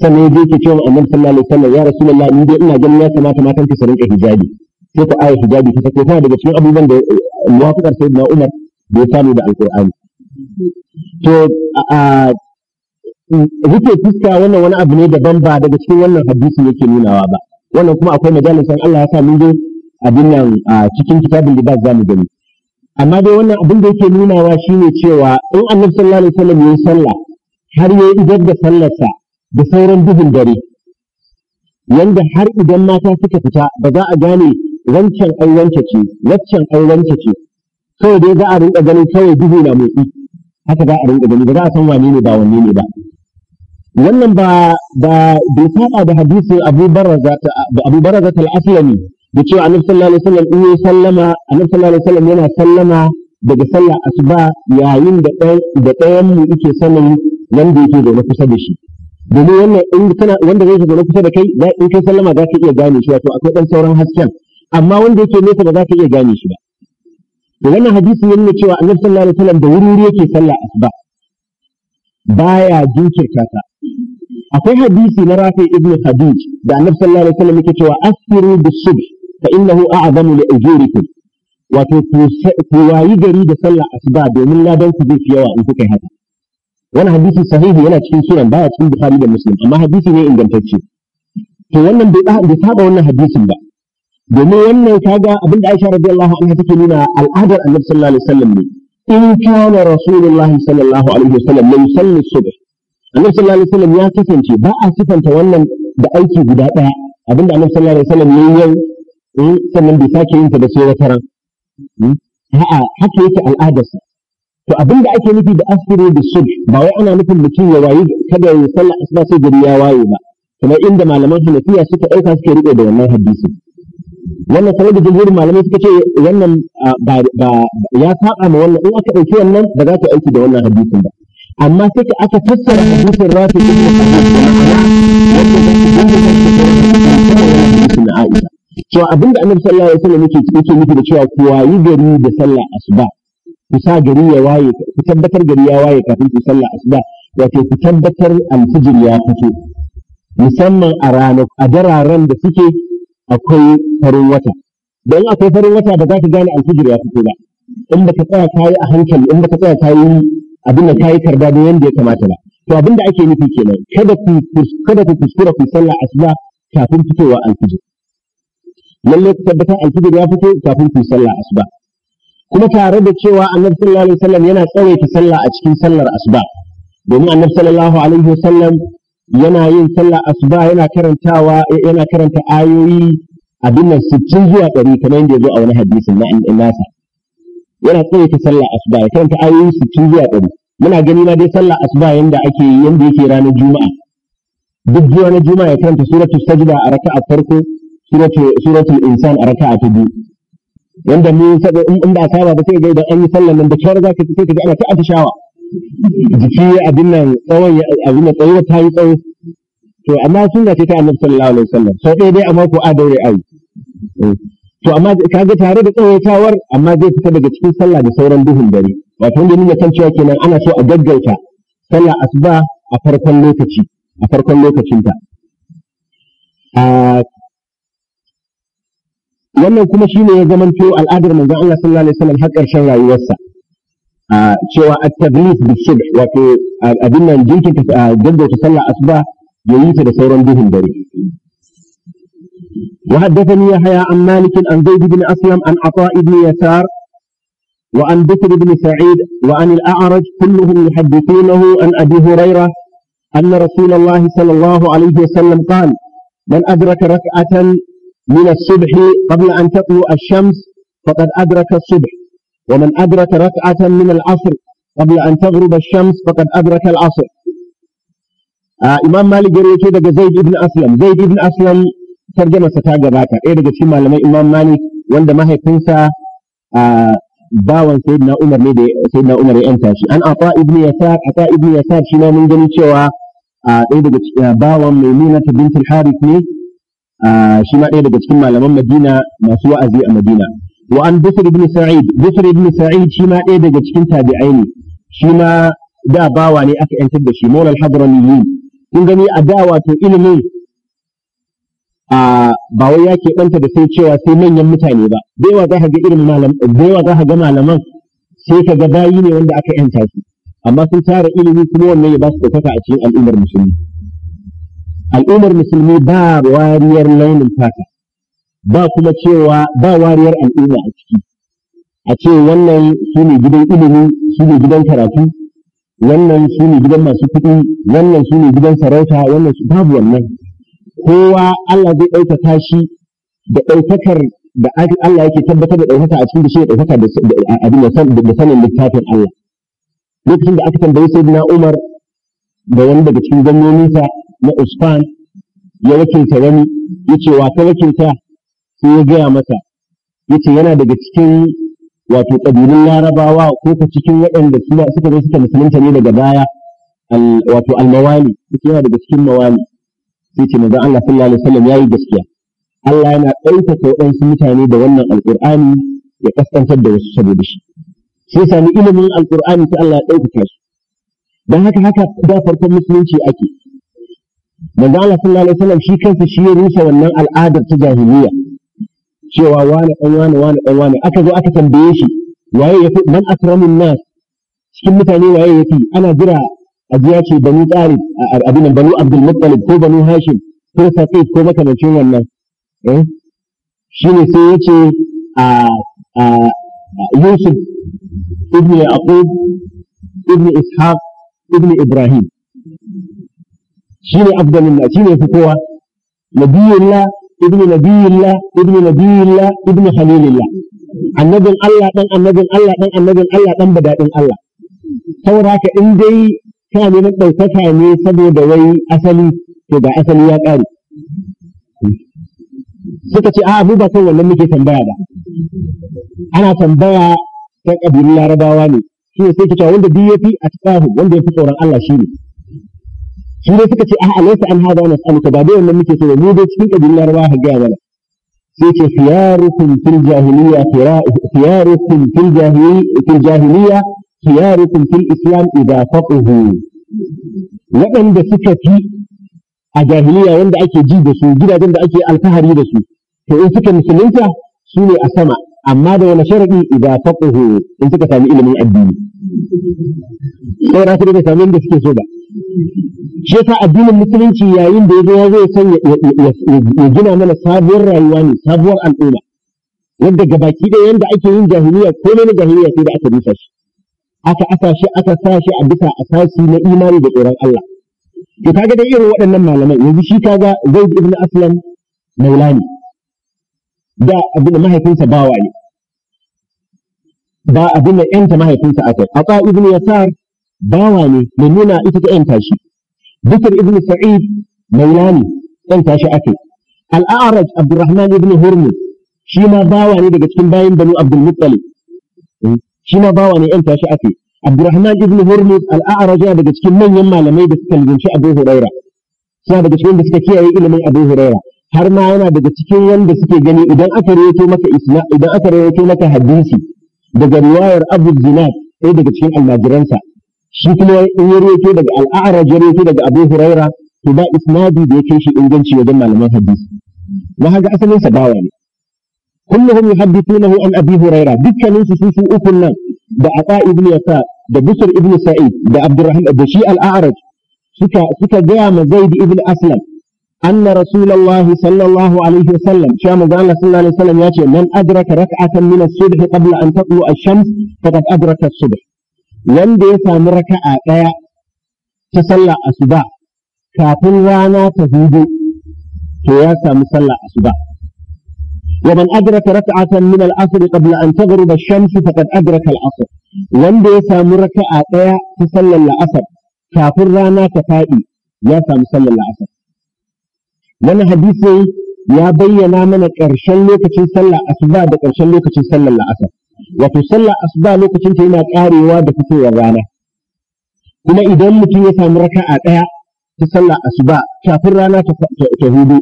sannan yaje yake cewa annabi sallallahu alaihi wasallam ya rasulullahi ni dai ina ganin ya kamata matan ki su rinka hijabi sai ta aya hijabi ta take tana daga cikin abubuwan da eh, muwafiqar sayyidina Umar da ya samu da alqur'ani to rufe fuska wannan wani abu ne daban ba daga cikin wannan hadisi yake nunawa ba wannan kuma akwai majalisan Allah ya sa mun je abin nan cikin kitabin ba za mu gani amma dai wannan abin da yake nunawa shine cewa in annabi sallallahu alaihi wasallam sallah har yayi idar da sallarsa da sauran duhun dare yanda har idan mata suka fita ba za a gane wancan ai wancace ce waccan ai wancace ce kawai dai za a rinka gani kawai duhu na motsi haka za a rinka gani ba za a san wane ne ba wanne ne ba wannan ba ba bai saba da hadisin Abu Barraza da Abu Barraza al-Aslami da cewa Annabi sallallahu alaihi wasallam in sallama Annabi sallallahu alaihi wasallam yana sallama daga sallar asuba yayin da da ɗayan mu yake sanin wanda yake zaune kusa da shi domin wannan in kana wanda zai zaune kusa da kai in kai sallama za ka iya gane shi wato akwai dan sauran hasken amma wanda yake nesa ba za ka iya gane shi ba wannan hadisi ya nuna cewa annabi sallallahu alaihi wasallam da wuri wuri yake sallah asuba baya jinkirta ta akwai hadisi na rafi ibnu khadij da annabi sallallahu alaihi wasallam yake cewa asiru bisubh fa innahu a'zamu li ujurikum wato ku wayi gari da sallah asuba domin ladan ku zai fi yawa in kuka yi haka wannan hadisi sahihi yana cikin sunan baya cikin bukhari da muslim amma hadisi ne ingantacce to wannan bai saba wannan hadisin ba domin wannan kaga abinda Aisha radiyallahu anha take nuna al'adar Annabi sallallahu alaihi wasallam ne in kana rasulullahi sallallahu alaihi wasallam lam yusalli subh Annabi sallallahu alaihi wasallam ya kasance ba a sifanta wannan da aiki guda daya abinda Annabi sallallahu alaihi wasallam ne yau eh, sannan bai sake yin ta da sai wata ran hmm? a'a haka yake al'adarsa to abinda ake nufi da asiri da subh ba wai ana nufin mutum ya wayi kada ya sallar asuba sai gari ya waye ba Kuma inda malaman Hanafiya suka ɗauka suke riƙe da wannan hadisi wannan kamar da jumhurin malamai suka ce wannan ya saba ma wannan in aka ɗauki wannan ba za ta aiki da wannan hadisin ba amma sai ka aka fassara hadisin rafi ibn Abbas da ma'ana wanda za su bambanta shi da wannan hadisin Aisha cewa abinda annabi sallallahu alaihi wasallam yake yake nufi da cewa ku wayi gari da sallah asuba ku sa gari ya waye ku tabbatar gari ya waye kafin ku sallah asuba wato ku tabbatar alfijir ya fito musamman a ranar a dararen da suke akwai farin wata don akwai farin wata ba za ka gane alfijir ya fito ba in ba ka tsaya kayi a hankali in ba ka tsaya kayi abin da kayi karba da yadda ya kamata ba to abin da ake nufi kenan kada ku kada ku kuskura ku sallah asuba kafin fitowa alfijir lalle ku tabbatar alfijir ya fito kafin ku sallah asuba kuma tare da cewa annabi sallallahu alaihi wasallam yana tsawaita sallah a cikin sallar asuba domin annabi sallallahu alaihi wasallam yana yin sallah asuba yana karantawa yana karanta ayoyi abin nan sittin zuwa ɗari kamar yadda ya zo a wani hadisin na nasa yana tsaye ta sallah asuba ya karanta ayoyi sittin zuwa ɗari muna gani na dai sallah asuba yanda ake yanda yake ranar juma'a duk zuwa na juma'a ya karanta suratul sajda a raka'a farko suratul insan a raka'a ta biyu yanda mu saboda in ba saba ba sai ga idan an yi sallar nan da kyar zaka sai ka ga ana ta atishawa jiki abin nan tsawon abin nan tsawon ta yi tsawon. to amma sunna ce ta annabi sallallahu alaihi wasallam sau ɗaya dai amma ko a daure ayi eh. to amma kaga tare da tsawaitawar amma zai fita daga cikin sallah da sauran duhun dare wato wanda nuna kan cewa kenan ana so a gaggauta sallah asuba a farkon lokaci a farkon lokacinta wannan kuma shine ya zamanto al'adar manzon Allah sallallahu alaihi wasallam har ƙarshen rayuwarsa cewa a tablis bi shibh wato abin nan jinkirta gaggauta sallah asuba yayi ta da sauran duhun dare وحدثني يحيى عن مالك عن زيد بن اسلم عن عطاء بن يسار وعن بكر بن سعيد وعن الاعرج كلهم يحدثونه عن ابي هريره ان رسول الله صلى الله عليه وسلم قال من ادرك ركعه من الصبح قبل ان تطلع الشمس فقد ادرك الصبح ومن أدرك ركعة من العصر قبل أن تغرب الشمس فقد أدرك العصر آه إمام مالك جريته دقى زيد بن أسلم زيد بن أسلم ترجمة ستاقة باكا إيه دقى شما لما إمام مالك وند ما هي تنسى آه باوان سيدنا عمر نيدي سيدنا عمر ينتاشي أن عطاء ابن يسار عطاء ابن يسار شما من جني شوا آه إيه دقى باوان ميمونة بنت الحارث ني آه شما إيه دقى شما لما مدينة ما سوى أزي مدينة وعن بسر بن سعيد بسر بن سعيد شما ايه دقى ne تابعيني شما دا da اكا انتد شي مولا الحضرميين kun gani a da wato ilimin a ba wai ya keɓanta da sai cewa sai manyan mutane ba da yawa za ka irin malam da yawa za ka malaman sai ka ga bayi ne wanda aka yanta su amma sun tara ilimi kuma wannan ya ba su ɗaukaka a cikin al'ummar musulmi al'ummar musulmi ba wariyar launin fata ba kuma cewa ba wariyar al'umma a ciki a ce wannan su ne gidan ilimi su ne gidan karatu wannan su ne gidan masu kuɗi wannan su ne gidan sarauta wannan su babu wannan kowa Allah zai ɗaukaka shi da ɗaukakar da Allah yake tabbatar da ɗaukaka a cikin da shi ya ɗaukaka da sanin littafin Allah lokacin da aka tambayi sayyidina Umar da wani daga cikin gwamnoninsa na Usman ya wakilta wani ya ce wa ka wakilta sai ya gaya masa yace yana daga cikin wato ƙabilun larabawa ko ka cikin waɗanda suka zo suka musulunta ne daga baya wato almawali yace yana daga cikin mawali sai ce manzon Allah sallallahu alaihi wasallam yi gaskiya Allah yana ɗaukaka waɗansu mutane da wannan alƙur'ani ya ƙasƙantar da wasu saboda shi sai sami ilimin alƙur'ani sai Allah ya ɗaukaka su don haka haka da farkon musulunci ake manzo Allah sallallahu alaihi wasallam shi kansa shi ya rusa wannan al'adar ta jahiliya cewa wani dan wani wani dan wani aka zo aka tambaye shi waye ya fi man akramun nas cikin mutane waye ya fi? ana jira ajiya ce banu talib abin banu abdul muttalib ko banu hashim ko saqif ko makamancin wannan eh shine sai yace a a yusuf ibn yaqub ibn ishaq ibn ibrahim shine afdalun nas shine yafi kowa nabiyullah ابن نبي الله ابن خليل الله annabin Allah dan annabin Allah dan annabin Allah dan badadin Allah saboda haka in dai kana neman ɗaukaka ne saboda wai asali to ga asali ya kare suka ce a mu ba kan wannan muke tambaya ba ana tambaya ta ƙabilun larabawa ne shi ne sai kita wanda duk yafi a wanda ya fi tsoron Allah shi ne shi ne suka ce a alaika an hada na tsamuka ba dai wannan muke so mu dai cikin kabilar larabawa ka gaya mana sai ce khiyarukum fil jahiliya khiyarukum fil jahiliya khiyarukum fil islam idza faqahu waɗanda suka fi a jahiliya wanda ake ji da su gidajen da ake alfahari da su to in suka musulunta su ne a sama amma da wani sharaɗi idan faqahu in suka sami ilimin addini sai ra da sami inda suke so ba shi yasa addinin musulunci yayin da yazo ya zo sanya ya gina mana sabuwar rayuwa ne sabuwar al'umma yadda gabaki da yanda ake yin jahiliya ko na jahiliya sai da aka rusa shi aka asa shi aka sa shi a bisa asasi na imani da tsoron Allah to kaga da irin waɗannan malamai, yanzu shi kaga Zaid ibn Aslam Maulani da abin mahaifinsa bawa ne ba abin da yanta mahaifinsa A aka ibn yasar bawa ne mai nuna ita ta yanta shi bikir ibn sa'id maulani yanta shi akai al-a'raj abdurrahman ibn hurmuz shi ma bawa ne daga cikin bayan banu abdul muttalib hmm. shi ma bawa ne yanta shi akai abdurrahman ibn hurmuz al-a'raj daga cikin manyan malamai da suka lubunci abu huraira suna daga cikin da suka kiyaye ilimin abu huraira har ma yana daga cikin wanda suke gani idan aka rawaito maka isna idan aka rawaito maka hadisi daga riwayar Abu Zinad ɗaya daga cikin almajiransa shi kuma in ya rawaito daga al-A'raj ya daga Abu Huraira to ba isnadi da ya kai shi inganci wajen malaman hadisi na haga asalin sa bawa ne kulluhum yuhaddithunahu an Abi Huraira dukkanin su su ukun nan da Ata ibn Yasa da Busr ibn Sa'id da Abdurrahman da shi al-A'raj suka suka ga ma Zaid ibn Aslam أن رسول الله صلى الله عليه وسلم شام قال صلى الله عليه وسلم ياتي من أدرك ركعة من الصبح قبل أن تطلع الشمس فقد أدرك الصبح لن ديسا مركعة آية تسلى أصبع كافر رانا تهود تياسا مسلى أصبع ومن أدرك ركعة من العصر قبل أن تغرب الشمس فقد أدرك العصر لن ديسا مركعة آية تسلى العصر كافر رانا تفائي ياسا مسلى العصر wani hadisi ya bayyana mana ƙarshen lokacin sallah asuba da ƙarshen lokacin sallar la'asar wato sallah asuba lokacin ta yana ƙarewa da fitowar rana kuma idan mutum ya samu raka'a ɗaya ta sallah asuba kafin rana ta hudu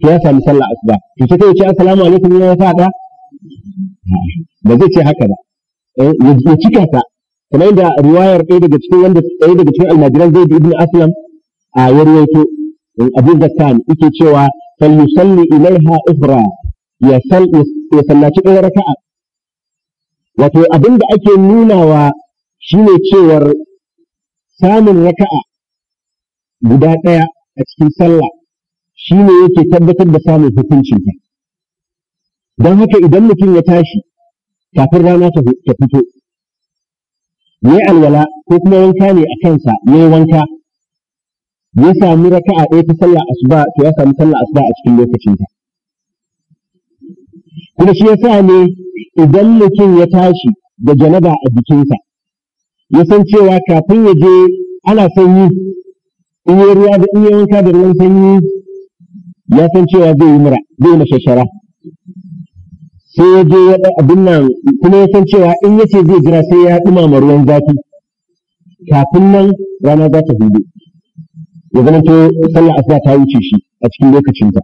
to ya sami sallah asuba to sai kai ce assalamu alaikum ya faɗa ba zai ce haka ba eh, ya cika ta kamar yadda riwayar ɗaya daga cikin wanda ɗaya daga cikin almajiran zai ibn aslam a ya ruwaito in abu zakkan yake cewa fal yusalli ilaiha ukhra ya sallaci ɗaya raka'a wato abin da ake nunawa shine cewar samun raka'a guda ɗaya a cikin sallah shine yake tabbatar da samun ta. don haka idan mutum ya tashi kafin rana ta fito ya alwala ko kuma wanka ne a kansa ya wanka ya sami raka'a ɗaya ta sallah asuba to ya sami sallah asuba a cikin lokacinta kuma shi yasa ne idan mutum ya tashi da janaba a jikinsa ya san cewa kafin ya je ana sanyi in yi ruwa da in yi wanka da ruwan sanyi ya san cewa zai yi mura zai yi mashashara sai ya je ya abin nan kuma ya san cewa in ya ce zai jira sai ya ɗumama ruwan zafi kafin nan rana za ta hudu ya zama to sallar asuba ta wuce shi a cikin lokacinta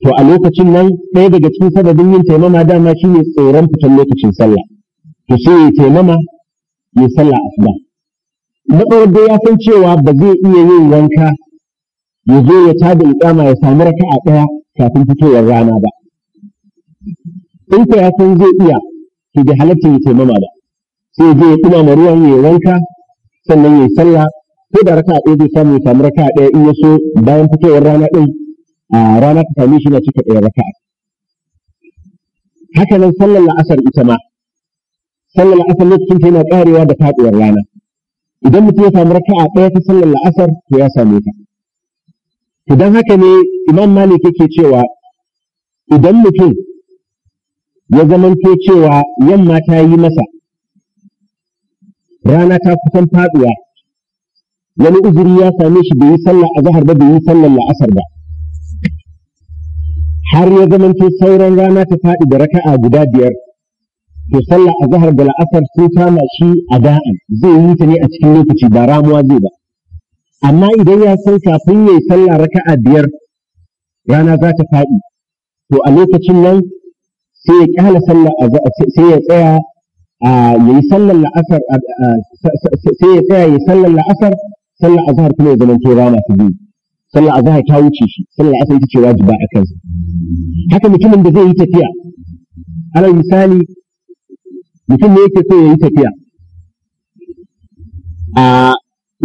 to a lokacin nan ɗaya daga cikin sababin yin taimama dama shine tsoron fitan lokacin sallah to sai ya taimama ya sallah asuba na da ya san cewa ba zai iya yin wanka ya zo ya tada iƙama ya samu a ɗaya kafin fitowar rana ba in ka ya san zai iya to bai halatta ya taimama ba sai ya je ya ɗumama ruwan ya wanka sannan ya sallah ko da raka ɗaya zai samu ya samu raka ɗaya in yaso bayan fitowar rana ɗin a rana ta same shi na cika ɗaya raka haka nan sallar la'asar ita ma sallar la'asar lokacin ta yana ƙarewa da faɗuwar rana idan mutum ya samu raka ɗaya ta sallar la'asar to ya same ta idan haka ne imam malik yake cewa idan mutum ya zamanto cewa yamma ta yi masa rana ta kusan faɗuwa wani uzuri ya same shi bai yi a zahar ba bai yi sallar la'asar ba har ya zamanto sauran rana ta faɗi da raka'a guda biyar to a zahar da la'asar sun kama shi a da'an zai yi ta ne a cikin lokaci ba ramuwa zai ba amma idan ya san kafin yayi sallah raka'a biyar rana za ta faɗi to a lokacin nan sai ya kyala sallah sai ya tsaya a yayi sallar la'asar sai ya tsaya yayi sallar la'asar sallar azhar kuma ya zamanto rana ta biyu sallar azhar ta wuce shi sallar asar ita ce wajiba a kansa haka mutumin da zai yi tafiya alal misali mutum ne yake so ya yi tafiya a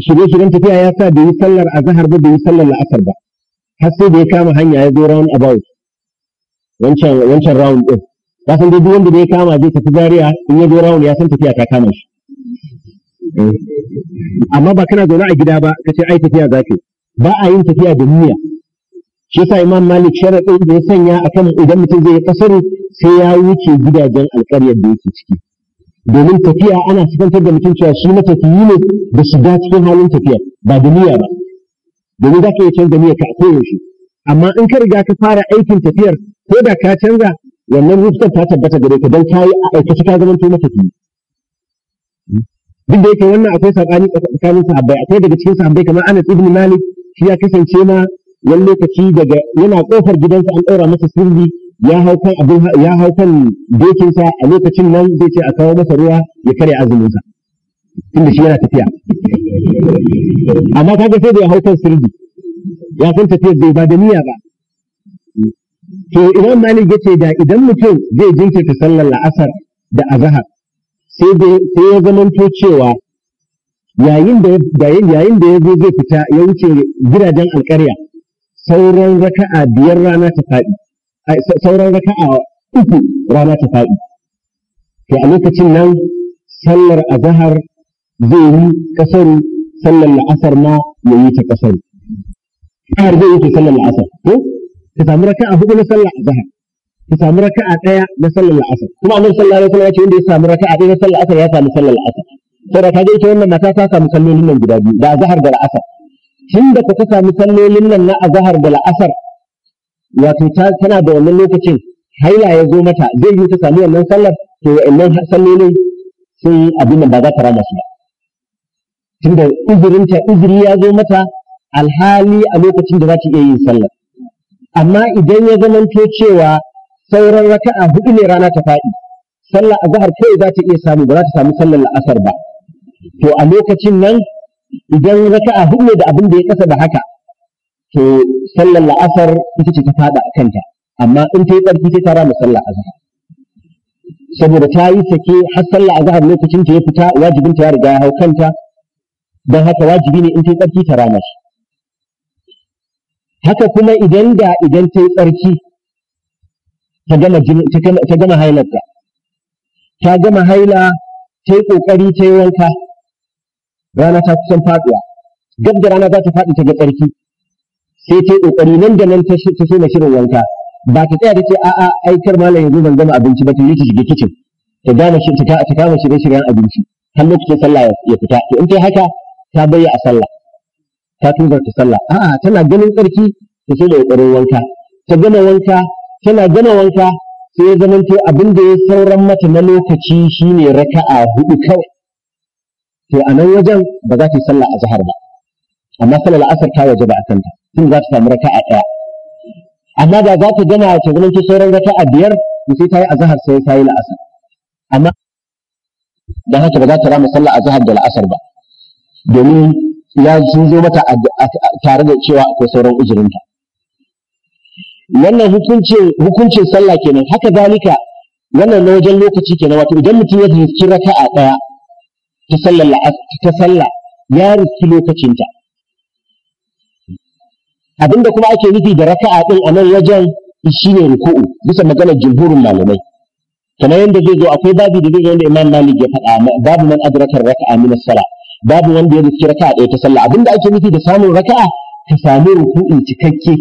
shirye-shiryen tafiya ya sa bai yi sallar azhar ba bai yi sallar la'asar ba har sai da ya kama hanya ya zo round about wancan wancan round din ya san dai wanda da ya kama zai tafi Zariya in ya zo round ya san tafiya ta kama shi amma ba kana zaune a gida ba ka ce ai tafiya za ka ba a yin tafiya da niyya shi yasa imam malik sharadin da ya sanya akan idan mutum zai kasar sai ya wuce gidajen alƙaryar da yake ciki domin tafiya ana sifantar da mutum cewa shi matafiyi ne da shiga cikin halin tafiya ba da niyya ba domin za ka iya canza niyyar ka a koyaushe amma in ka riga ka fara aikin tafiyar ko da ka canza wannan rufsar ta tabbata gare ka don ka yi a aikace ka zama to matafiyi duk da yake wannan akwai sabani tsakanin sahabbai akwai daga cikin sahabbai kamar Anas ibn Malik shi ya kasance ma wani lokaci daga yana kofar gidansa an ɗora masa sirri ya hau kan abin ya hau kan dokinsa a lokacin nan zai ce a kawo masa ruwa ya karya sa. tunda shi yana tafiya amma kaga sai da ya hau kan sirri ya san tafiyar bai ba da niyya ba to imam malik yace da idan mutum zai jinkirta sallar la'asar da azhar sai ya to cewa yayin da ya zo zai fita ya wuce gidajen alkarya sauran raka'a biyar rana ta faɗi sauran raka'a uku rana ta faɗi to a lokacin nan sallar azahar zai yi kasar sallar la'asar ma ya yi ta kasaru har zai yi ta sallar la'asar ko ka samu raka'a hudu na sallar azahar ki samu raka'a daya na sallar asar kuma annabi sallallahu alaihi wasallam ya ce wanda ya samu raka'a daya na sallar asar ya samu sallar asar saboda ka ga ita wannan mata ta samu sallolin nan guda biyu da azhar da asar tun da ka samu sallolin nan na azhar da asar wato tana da wannan lokacin haila ya zo mata zai yi ta samu wannan sallar to wa'annan sallolin sai abin nan ba za ta rama su ba tunda ta, uzuri ya zo mata alhali a lokacin da za ta iya yin sallar amma idan ya zamanto cewa sauran raka'a hudu ne rana ta faɗi sallar azhar kawai za ta iya samu ba za ta samu sallar la'asar ba to a lokacin nan idan raka'a hudu ne da abin da ya kasa da haka to sallar la'asar ita ce ta faɗa a kanta amma in ta yi ƙarfi sai ta rama sallar azhar saboda ta yi sake har sallar azhar lokacin ta ya fita wajibin ta ya riga ya hau kanta don haka wajibi ne in ta yi ƙarfi ta rama shi haka kuma idan da idan ta yi tsarki ta gama ta gama hailarta ta gama haila ta yi kokari ta yi wanka rana ta kusan faduwa gab da rana za ta faɗi ta ga tsarki sai ta yi kokari nan da nan ta so na shirin wanka ba ta tsaya ta ce a'a ai kar ma yanzu ban gama abinci ba ta yi ta shiga kicin ta gama ta kama shirye shiryen abinci har lokacin sallah ya fita to in ta haka ta bayya a sallah ta ta sallah a'a tana ganin tsarki ta so da kokarin wanka ta gama wanka tana gama wanka sai ya zamanto abin da ya sauran mata na lokaci shine raka'a hudu kawai to a nan wajen ba za ta yi sallah azhar ba amma sallar asar ta waje ba a kanta tun za ta samu raka'a ɗaya amma da za ta gama ta zamanto sauran raka'a biyar to sai ta yi azhar sai ta yi la'asar amma dan haka ba za ta rama sallah azhar da la'asar ba domin ya sun zo mata tare da cewa akwai sauran uzurinta wannan hukuncin hukuncin sallah kenan haka zalika wannan na wajen lokaci kenan wato idan mutum ya riski raka'a daya ta sallar ta sallah ya riski lokacinta abinda kuma ake nufi da raka'a din a nan wajen shine ruku'u bisa maganar jumhurin malamai kamar yadda zai zo akwai babu da zai zo wanda imam malik ya faɗa babu man adraka raka'a min as-salah babu wanda ya riski raka'a ɗaya ta sallah abinda ake nufi da samun raka'a ka samu ruku'u cikakke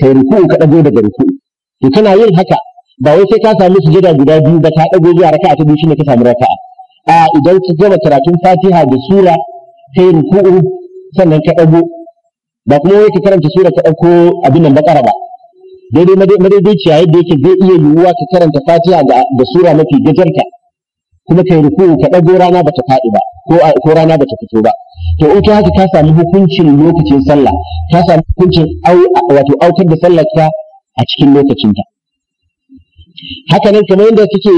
kai ruku'u ka dago daga ruku'u to kana yin haka ba wai sai ka samu sujada guda biyu ba ka dago zuwa raka'a ta biyu shine ka sami raka a idan ka gama karatun Fatiha da sura yi ruku'u sannan ka ɗago ba kuma wai ka karanta sura ka ɗauko abin nan bakara ba daidai madaidaiciya yadda yake zai iya yiwuwa ka karanta Fatiha da sura mafi gajarta kuma ka yi ruku'u ka ɗago rana bata faɗi ba ko rana bata fito ba to in haka ka samu hukuncin lokacin sallah ka samu hukuncin wato aukar da sallar ka a cikin lokacinta haka nan kamar yadda kake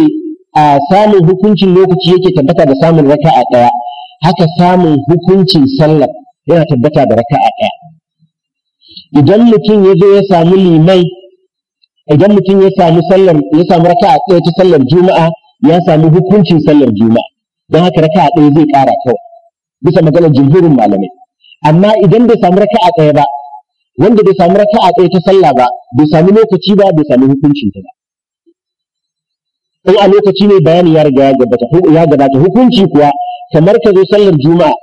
a samun hukuncin lokaci yake tabbata da samun raka'a ɗaya haka samun hukuncin sallar yana tabbata da raka'a ɗaya idan mutum ya zo ya samu limai idan mutum ya samu sallar ya samu raka'a ɗaya ta sallar juma'a ya samu hukuncin sallar juma'a don haka raka'a ɗaya zai ƙara kawai bisa maganar jumhurin malamai amma idan bai samu raka'a ɗaya ba wanda bai samu raka'a ɗaya ta sallah ba bai sami lokaci ba bai sami hukuncin ta ba in a lokaci ne bayani ya riga ya gabata hukunci kuwa kamar ka zo sallar juma'a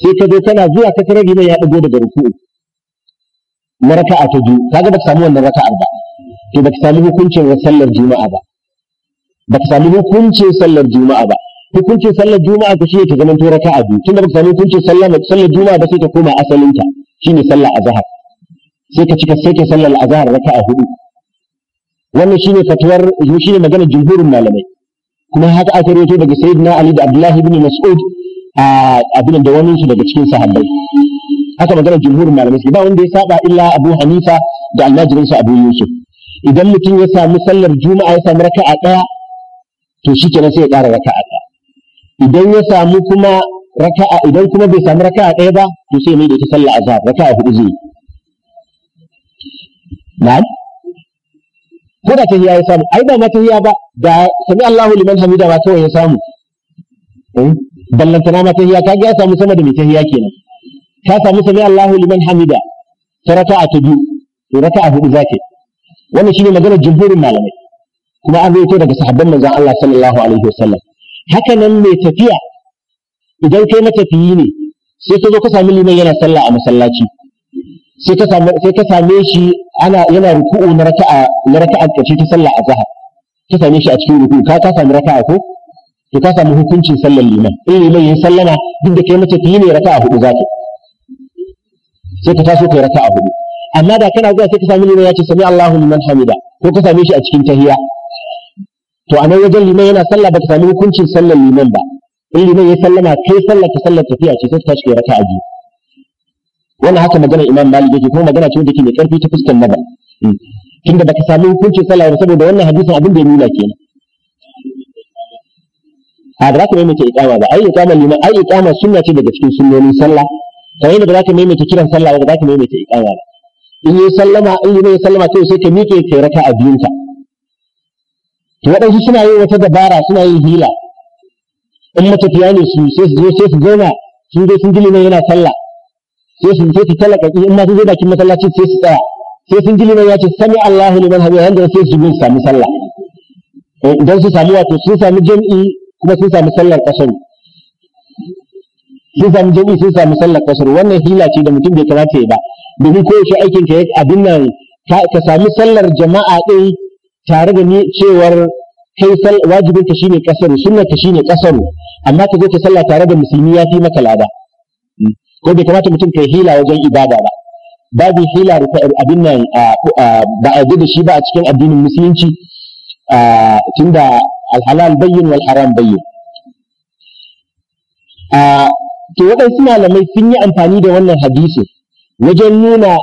sai ka zo kana zuwa ka tarar liman ya ɗago daga ruku'u na raka'a ta biyu kaga baka samu wannan raka'ar ba to baka samu hukuncin sallar juma'a ba baka samu hukuncin sallar juma'a ba hukuncin sallar juma'a ta shine ta zama to raka'a biyu tunda baka sami hukuncin sallar sallar juma'a ba sai ta koma asalinta, shi shine sallar azhar sai ka cika sai ka sallar azhar raka'a hudu wannan shine fatuwar shine magana jumhurin malamai kuma haka aka rawaito daga sayyidina ali da abdullahi ibn mas'ud a abin da wani su daga cikin sahabbai haka magana jumhurin malamai ba wanda ya saba illa abu hanifa da sa abu yusuf idan mutum ya samu sallar juma'a ya samu raka'a daya to shikenan sai ya ƙara raka'a idan ya samu kuma raka'a idan kuma bai samu raka'a ɗaya ba to sai mai da ita sallah azhar raka'a hudu zai na'am ko da tahiya ya samu ai ba ma tahiya ba da sami Allahu liman hamida ba kawai ya samu eh? ballantana ma tahiya ka ga ya samu sama da mai tahiya kenan ka samu sami Allahu liman hamida ta raka'a ta biyu to raka'a hudu zake wannan shine maganar jumhurin malamai kuma an rawaito daga sahabban manzon Allah sallallahu alaihi wasallam haka nan mai tafiya idan kai matafiyi ne sai ka zo ka sami liman yana sallah a masallaci sai ka same sai ka same shi ana yana ruku'u na raka'a na raka'a kace ta sallah a zahar ka same shi a cikin ruku'u ka ka sami raka'a ko to ka sami hukuncin sallar liman in liman yayin sallama duk da kai matafiyi ne raka'a hudu zaka sai ka taso kai raka'a hudu amma da kana zuwa sai ka sami liman ya ce sami Allahu liman hamida ko ka same shi a cikin tahiyya to a nan wajen liman yana sallah baka sami hukuncin sallar liman ba in liman ya sallama kai sallar ta sallar tafiya ce sai ta tashi raka a biyu wannan haka magana imam malik yake kuma magana ce wanda yake mai karfi ta fuskar naba hmm. tunda baka sami hukuncin sallah saboda wannan hadisin abin da ya nuna kenan a ba za ka maimaita iqama ba ai iqama liman ai iqama sunna ce daga cikin sunnonin sallah kamar yadda da za ka maimaita kiran sallah ba za ka maimaita iqama ba in yi sallama in liman ya sallama kai sai ka miƙe kai raka a biyunka waɗansu suna yi wata dabara suna yin hila in matafiya ne su sai su zo sai su zauna sun dai sun jilima yana sallah sai su sai su talaka in ma sun zo bakin masallaci sai su tsaya sai sun jilima ya ce sami Allahu liman hamida yanda sai su bin sami sallah eh, idan su sami wato sun sami jami'i kuma sun sami sallar kasar sun sami jami'i sun sami sallar kasar wannan hila ce da mutum bai kamata ya ba domin koyaushe aikin ka abin nan ka sami sallar jama'a ɗin tare da ni cewar kai wajibin ta shine kasaru sunnar ta shine kasaru amma ka zo ka sallah tare da musulmi ya fi maka lada ko hmm. bai kamata mutum kai hila wajen ibada ba babu hila abin nan ba a da shi ba a cikin addinin musulunci tunda alhalal bayyin wal haram bayyin to waɗansu malamai sun yi amfani da wannan hadisi wajen nuna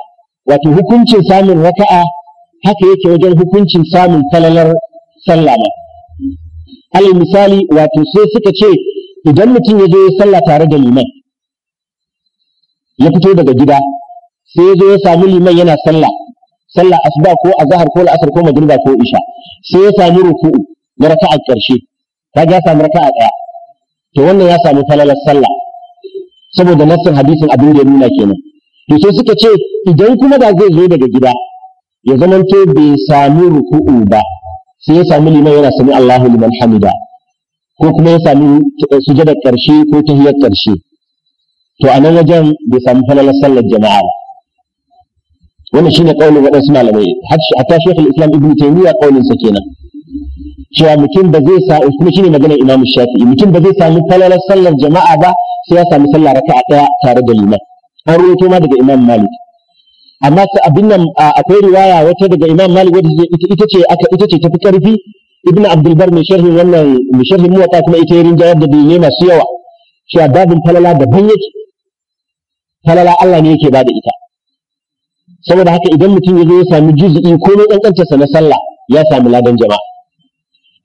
wato hukuncin samun raka'a haka yake wajen hukuncin samun falalar sallah ba alal misali wato sai suka ce idan mutum ya zo ya sallah tare da liman ya fito daga gida sai ya zo ya sami liman yana sallah sallah asuba ko azhar ko La'asar, ko magriba ko isha sai ya sami ruku'u na raka'a karshe kaga ya sami raka'a daya to wannan ya sami falalar sallah saboda nassin hadisin abin da ya nuna kenan to sai suka ce idan kuma da zai zo daga gida ya zamanto bai sami ruku'u ba sai ya sami liman yana sami Allahu liman hamida ko kuma ya sami sujadar ƙarshe ko tahiyar ƙarshe to a nan wajen bai sami falalar sallar jama'a ba wannan shine kaulin waɗansu malamai hatta shekul islam ibn taymiya kaulinsa kenan cewa mutum ba zai sa kuma shine maganar imam shafi'i mutum ba zai sami falalar sallar jama'a ba sai ya sami sallah raka'a ɗaya tare da liman an ruwaito ma daga imam malik amma ta abin nan akwai riwaya wata daga Imam Malik wadda ita ce aka ita ce tafi karfi ibnu Abdul Bar mai sharhin wannan mai muwatta kuma ita yarin jawab da dalilai masu yawa cewa babin falala ban yake falala Allah ne yake bada ita saboda haka idan mutum ya zo ya sami juz'i ko ne sa na sallah ya samu ladan jama'a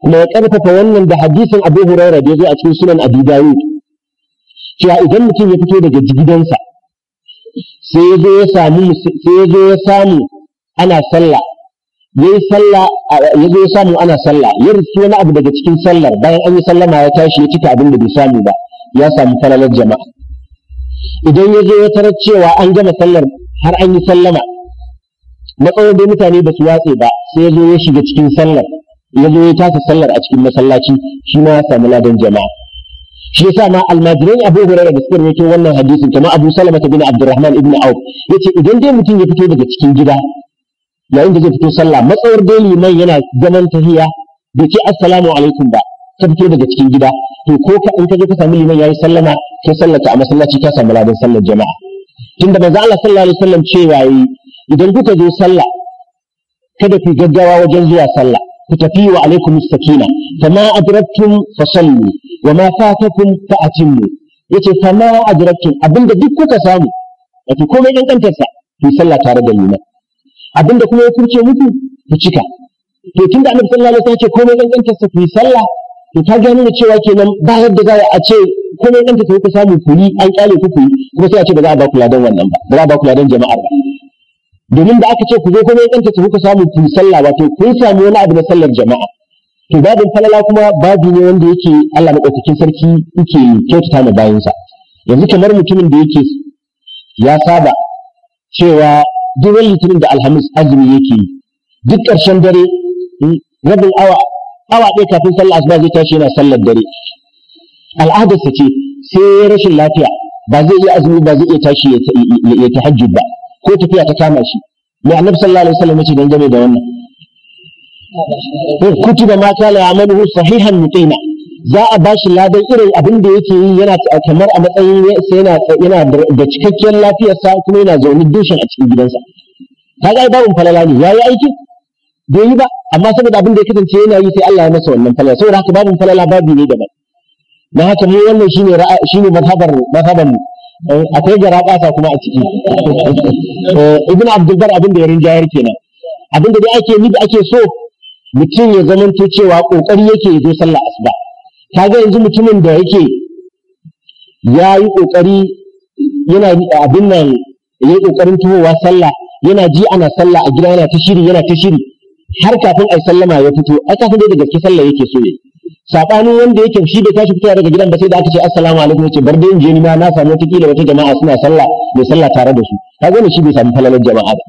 kuma ya karfafa wannan da hadisin Abu Hurairah da yazo a cikin sunan Abi Dawud cewa idan mutum ya fito daga gidansa sai ya zo ya samu sai ya samu ana sallah yayi sallah ya zo ya samu ana sallah ya rufe wani abu daga cikin sallar bayan an yi sallama ya tashi ya cika abin da bai samu ba ya samu falalar jama'a idan ya zo ya tarar cewa an gama sallar har an yi sallama na tsawon dai mutane ba su watse ba sai ya zo ya shiga cikin sallar ya zo ya tasa sallar a cikin masallaci shi ma ya samu ladan jama'a shi yasa ma almajiran Abu Hurairah da suka rawaito wannan hadisin kamar Abu Salama bin Abdurrahman ibn Auf yace idan dai mutum ya fito daga cikin gida yayin da zai fito sallah matsayar dai liman yana zaman tahiya bai ce assalamu alaikum ba ka fito daga cikin gida to ko ka in ka je ka samu liman yayi sallama sai sallata a masallaci ka samu ladan sallar jama'a tunda manzo Allah sallallahu alaihi wasallam cewa yi idan kuka zo sallah kada ku gaggawa wajen zuwa sallah ku tafi wa alaikum sakina fama adraktum fasallu wa ma fatakum fa atimmu yace fama adraktum abinda duk kuka samu wato komai dan kantarsa sallah tare da liman abinda kuma ya kurce muku ku cika to tunda annabi sallallahu alaihi wasallam ya ce komai dan kantarsa ku sallah to ta gano da cewa kenan ba yadda za a ce komai dan kantarsa ku samu ku an kyale ku ku kuma sai a ce ba a ba wannan ba ba a ba jama'ar ba domin da aka ce ku zo kuma kanta kuka samu ku sallah wato kun sami wani abu na sallar jama'a to babin falala kuma babu ne wanda yake Allah madaukakin sarki yake kyautata ma bayansa yanzu kamar mutumin da yake ya saba cewa duk wani litinin da alhamis azumi yake yi duk ƙarshen dare hmm, rabin awa awa ɗaya kafin sallah asuba zai tashi yana sallar dare al'adarsa ce sai rashin lafiya ba zai iya azumi ba zai iya tashi ya tahajjud ba ko tafiya ta kama shi me annabi sallallahu alaihi wasallam yace dangane da wannan kutiba ma kana amaluhu sahihan muqima za a bashi ladan irin abin da yake yi yana kamar a matsayin yana yana da cikakken sa kuma yana zaune dushin a cikin gidansa kaga ai babun falala ne yayi aiki bai yi ba amma saboda abin da ya kasance yana yi sai Allah ya masa wannan falala saboda haka babun falala babu ne daban na haka ne wannan shine shine mazhabar mazhabar mu Eh, akwai garabata kuma a ciki ibn abdulbar abin da ya rinjayar kenan abin da dai ake nufi ake so mutum ya zamanto cewa kokari yake zo sallah asuba kaga yanzu mutumin da yake ya yi kokari yana abin nan ya yi kokarin tuhowa sallah yana ji ana sallah a gida yana ta shiri yana ta shiri har kafin ai sallama ya fito ai kafin dai da gaske sallah yake so yayi sabanin wanda yake shi bai tashi fitowa daga gidan ba sai da aka ce assalamu alaikum yace bar dai in ni ma na samu wata kila wata jama'a suna sallah mai sallah tare da su kaga ne shi bai samu falalar jama'a ba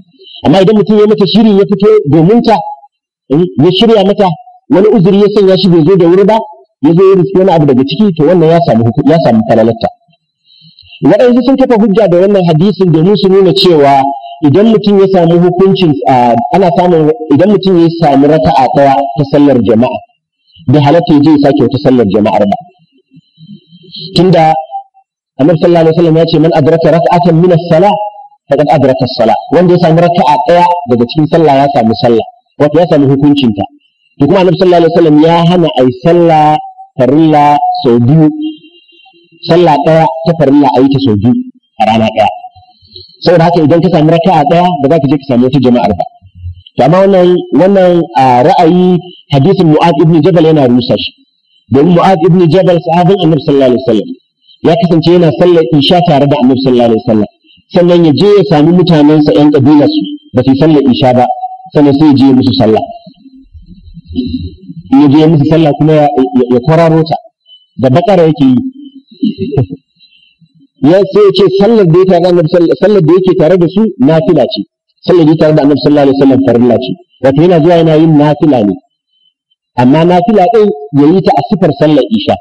amma idan mutum ya mata shiri ya fito domin ta eh, ya shirya mata wani uzuri ya sanya shi bai zo da wuri ba ya zo ya rufe wani abu daga ciki to wannan ya samu ya samu falalarta waɗansu sun kafa hujja da wannan hadisin domin su nuna cewa idan mutum ya samu hukuncin ah, ana samun idan mutum ya samu raka'a ɗaya ta sallar jama'a bai halatta zai sake wata sallar jama'ar ba tunda annabi sallallahu alaihi wasallam ya ce man adraka rak'atan min as Sala, faqad adraka as Sala. wanda ya samu raka'a daya daga cikin sallah ya samu sallah wato ya samu hukuncin ta to kuma annabi sallallahu alaihi wasallam ya hana ai sallah farilla sau biyu sallah daya ta farilla ayi ta sau biyu a rana daya saboda haka idan ka samu raka'a daya ba za ka je ka samu wata jama'ar ba kama wannan wannan ra'ayi hadisin mu'ad ibn jabal yana rusa shi domin mu'ad ibn jabal sahabin annabi sallallahu alaihi wasallam ya kasance yana sallar isha tare da annabi sallallahu alaihi wasallam sannan ya je ya sami mutanensa yan su ba su sallar isha ba sannan sai ya je musu sallah ya je musu sallah kuma ya kwararo ta da bakara yake yi ya sai ce sallar da yake tare da sallar da yake tare da su nafila ce sallari tare da annabi sallallahu alaihi wasallam farilla ce wato yana zuwa yana yin nafila ne amma nafila din yayi ta a sifar sallar isha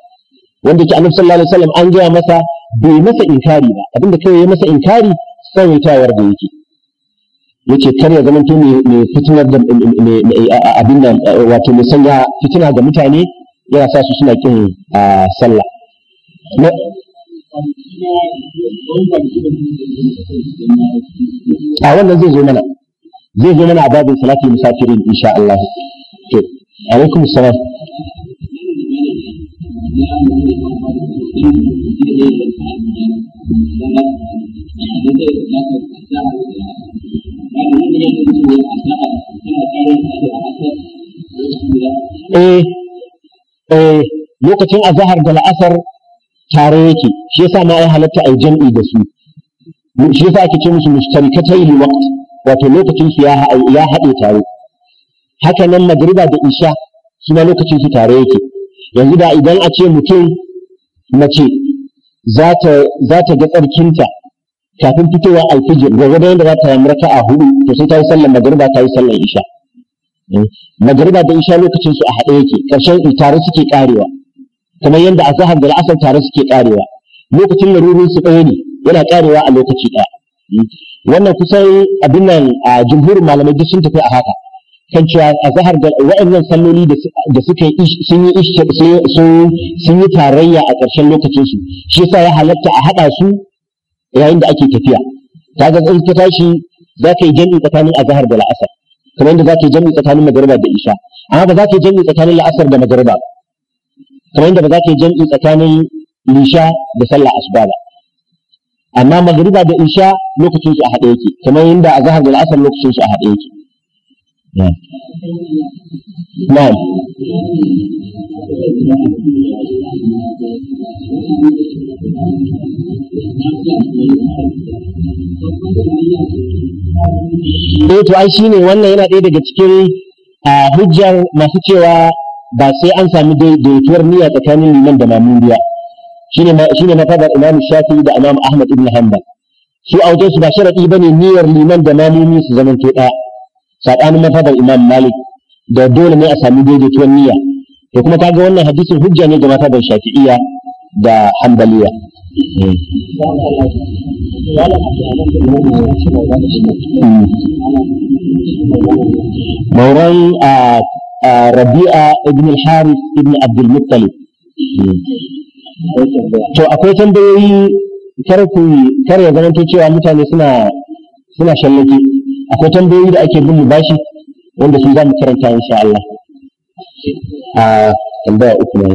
wanda ke annabi sallallahu alaihi wasallam an gaya masa bai masa inkari ba abinda kai ya masa inkari tsawaitawar da yake yace kar ya zamanto mai fitinar da abin nan wato mai sanya fitina ga mutane yana sa su suna kin sallah a wannan zai zo mana zai zo mana a babin salatul musafirin insha Allah to alaikum salam eh eh lokacin azhar da la'asar tare yake shi yasa ma ya halatta ai jam'i da su shi yasa ake ce musu mustarikatai li waqt wato lokacin su ya ya haɗe tare haka nan magriba da isha shi ma lokacin su tare yake yanzu da idan a ce mutum mace za ta za ta ga tsarkinta kafin fitowa alfijir gwargwado yadda za ta yi raka'a hudu to sai ta yi sallar magriba ta yi sallar isha eh, magriba da isha lokacin su a haɗe yake ƙarshen tare suke ƙarewa kamar yadda azhar da la'asar tare suke karewa lokacin larurin su ɗaya ne yana karewa a lokaci ɗaya wannan kusan abin nan a jumhurin malamai duk sun tafi a haka kan cewa a zahar da waɗannan salloli da suka yi sun yi sun yi tarayya a ƙarshen lokacin su shi yasa ya halatta a haɗa su yayin da ake tafiya kaga in ka tashi za ka yi jami'i tsakanin azahar da la'asar kamar yadda za ka yi jami'i tsakanin magariba da isha amma ba za ka yi jami'i tsakanin la'asar da magariba ba kamar yadda ba za ka yi jam'i tsakanin Lusha da sallah asuba ba amma magariba da isha lokacin su a haɗe yake kamar yadda a zahar da asar lokacin su a haɗe yake na'am eh to ai shine wannan yana ɗaya daga cikin ah, hujjar masu cewa ba sai an sami daidaituwar niyya tsakanin liman da mamun biya shine shine matabar imam da imam ahmad ibn hanbal su a wajen su ba sharadi bane niyyar liman da mamumi su zaman to daya sakanin matabar imam malik da dole ne a sami daidaituwar niyya to kuma kaga wannan hadisin hujja ne ga matabar shafi'iyya da hanbaliya hmm. Mauran a ah, rabi'a ibn al-harith ibn abdul muttalib to akwai tambayoyi kar ku kar ya zamanto cewa mutane suna suna shallake akwai tambayoyi da ake bin mu bashi wanda su za karanta insha Allah a tambaya uku ne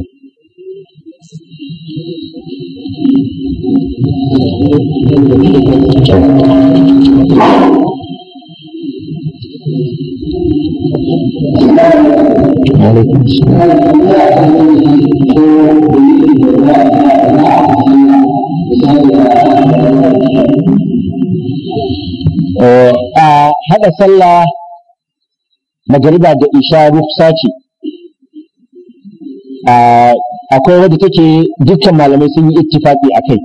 Thank you. a haɗa sallah magariba da isha rufsa ce akwai wadda take dukkan malamai sun yi ittifaki a kai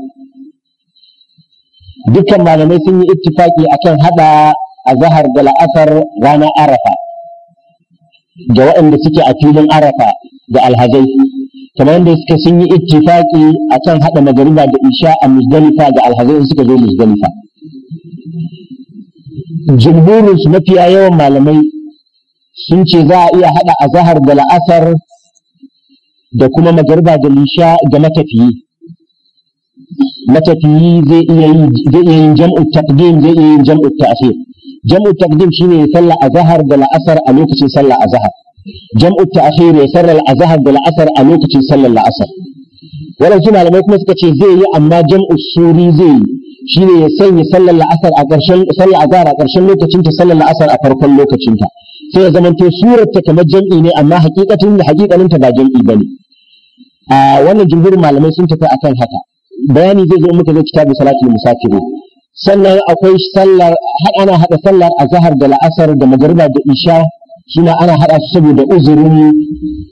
dukkan malamai sun yi ittifaki akan haɗa Azahar da la'asar ranar arafa da waɗanda suke a filin arafa da alhazai kamar yadda suka sun yi ittifaki a kan haɗa magariba da isha a musdalifa da alhazai in suka zo musdalifa jumhurin su mafiya yawan malamai sun ce za a iya haɗa azahar da la'asar da kuma magariba da nisha ga matafiyi matafiyi zai iya yin jam'u taqdim zai iya yin jam'u ta'khir jam'u taqdim shine ya salla azhar da la'asar a lokacin sallar azhar jam'u ta'khir ya salla azhar da la'asar a lokacin sallar la'asar waɗansu malamai kuma suka ce zai yi amma jam'u suri zai yi shine ya sanya sallar la'asar a ƙarshen sallar azhar a ƙarshen lokacin ta sallar la'asar a farkon lokacin ta sai ya zamanto surar ta kamar jam'i ne amma hakikatin da hakikanin ta ba jam'i bane a wannan jumhurin malamai sun tafi akan haka bayani zai zo muka zo kitabu salatul musafiri sannan akwai sallar ana haɗa sallar azhar da la'asar da magariba da isha shine ana haɗa su saboda uzurin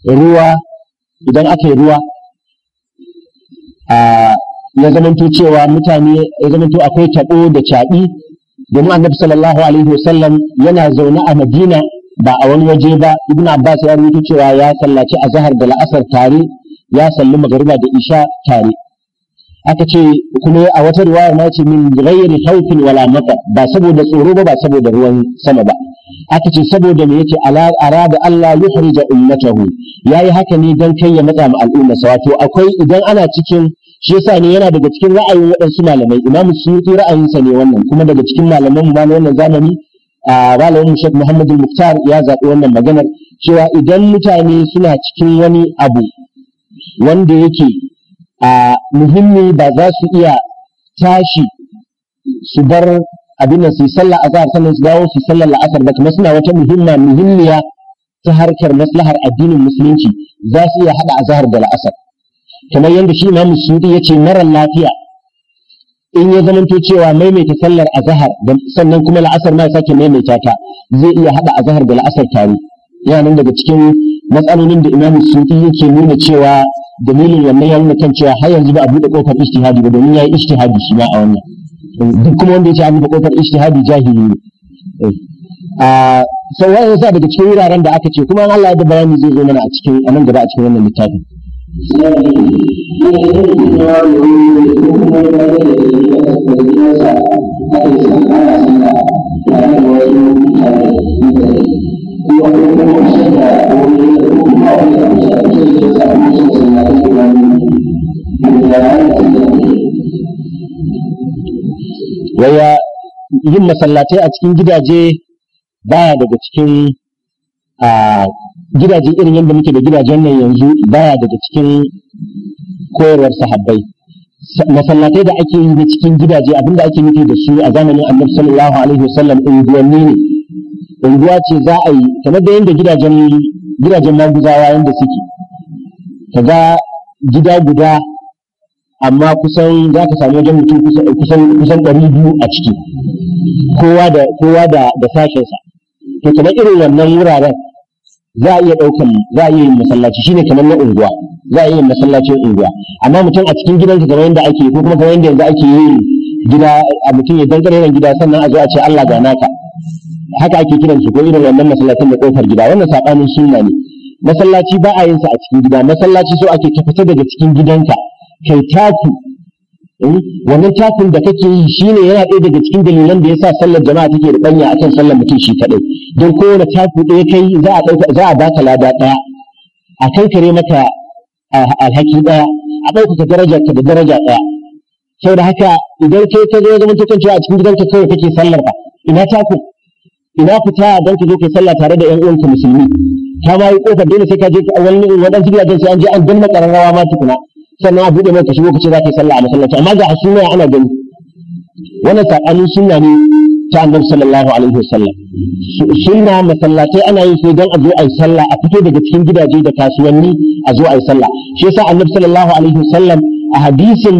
ruwa idan aka yi ruwa ya zamanto cewa mutane ya zamanto akwai taɓo da caɓi domin annabi sallallahu alaihi wasallam yana zaune a madina ba a wani waje ba ibn abbas ya rubuta cewa ya sallaci azhar da la'asar tare ya salli magariba da isha tare aka ce kuma a wata riwaya na ce min ghairi khawfin wala mata ba saboda tsoro ba saboda ruwan sama ba aka ce saboda me yake arada Allah yuhrija ummatahu yayi haka ne dan kai ya matsa ma al'umma wato akwai idan ana cikin shi yasa ne yana daga cikin ra'ayin waɗansu malamai imamu suyuti ra'ayinsa ne wannan kuma daga cikin malaman mu wannan zamani a malamin Sheikh Muhammad Muktar ya zaɓi wannan maganar cewa idan mutane suna cikin wani abu wanda yake a muhimmi ba za su iya tashi su bar abin nan su yi sallah azhar sannan su dawo su sallar la'asar ba kuma suna wata muhimma muhimmiya ta harkar maslahar addinin musulunci za su iya haɗa azhar da la'asar kamar yadda shi imamu Sudi ya ce marar lafiya in ya zamanto cewa maimaita sallar azhar sannan kuma la'asar ma sake maimaita ta zai iya haɗa azhar da la'asar tare yana nan daga cikin matsalolin da imamu Sudi yake nuna cewa dalilin wannan ya nuna kan cewa har yanzu ba a buɗe kofar ijtihadi ba domin yayi ijtihadi shi ma a wannan duk kuma wanda ya ce an buɗe kofar ijtihadi jahili ne eh. a sau wani yasa daga cikin wuraren da aka ce kuma an Allah da bayani zai zo mana a cikin a nan gaba a cikin wannan littafin Thank you. Yaya yin masallatai a cikin gidaje baya daga cikin a gidaje irin yadda muke da gidajen nan yanzu baya daga cikin koyarwar sahabbai. Masallatai da ake yi na cikin gidaje abinda ake nufi da su, a zamanin annabi sallallahu alaihi wasallam unguwanni ne. unguwa ce za a yi kamar da yadda gidajen gidajen maguzawa yadda suke ga gida guda amma kusan za ka sami wajen mutum kusan ɗari biyu a ciki kowa da kowa da da sashensa to kamar irin wannan wuraren za a iya ɗaukan za a iya yin masallaci shine kamar na unguwa za a iya yin masallacin unguwa amma mutum a cikin gidansa kamar yadda ake ko kuma kamar yadda yanzu ake yin gida a mutum ya dan gida sannan a zo a ce Allah ga naka haka ake kiran su ko irin wannan masallacin da kofar gida wannan sabanin sunna ne masallaci ba a yin sa a cikin gida masallaci so ake ka fita daga cikin gidanka kai taku eh, wannan takun da kake yi shine yana ɗaya daga cikin dalilan da yasa sallar jama'a take da ɓanya akan sallar mutum shi kaɗai don kowane taku ɗaya kai za a ɗauka za a baka lada ɗaya a kare maka alhaki ɗaya a ɗaukaka daraja ta da daraja ɗaya saboda haka idan kai ka zo zaman cewa a cikin gidanka kawai kake sallar ba ina takun ina fita don ka zo kai sallah tare da ƴan uwanka musulmi ta ma yi kofar dole sai ka je wani waɗansu gidajen sai an je an danna ƙararrawa ma tukuna sannan a bude mai ka shigo ka ce za ka yi sallah a masallaci amma ga sunna ana gani wannan saɓanin sunna ne ta annabi sallallahu alaihi wasallam sunna masallatai ana yin su don a zo a yi sallah a fito daga cikin gidaje da kasuwanni a zo a yi sallah shi yasa annabi sallallahu alaihi wasallam a hadisin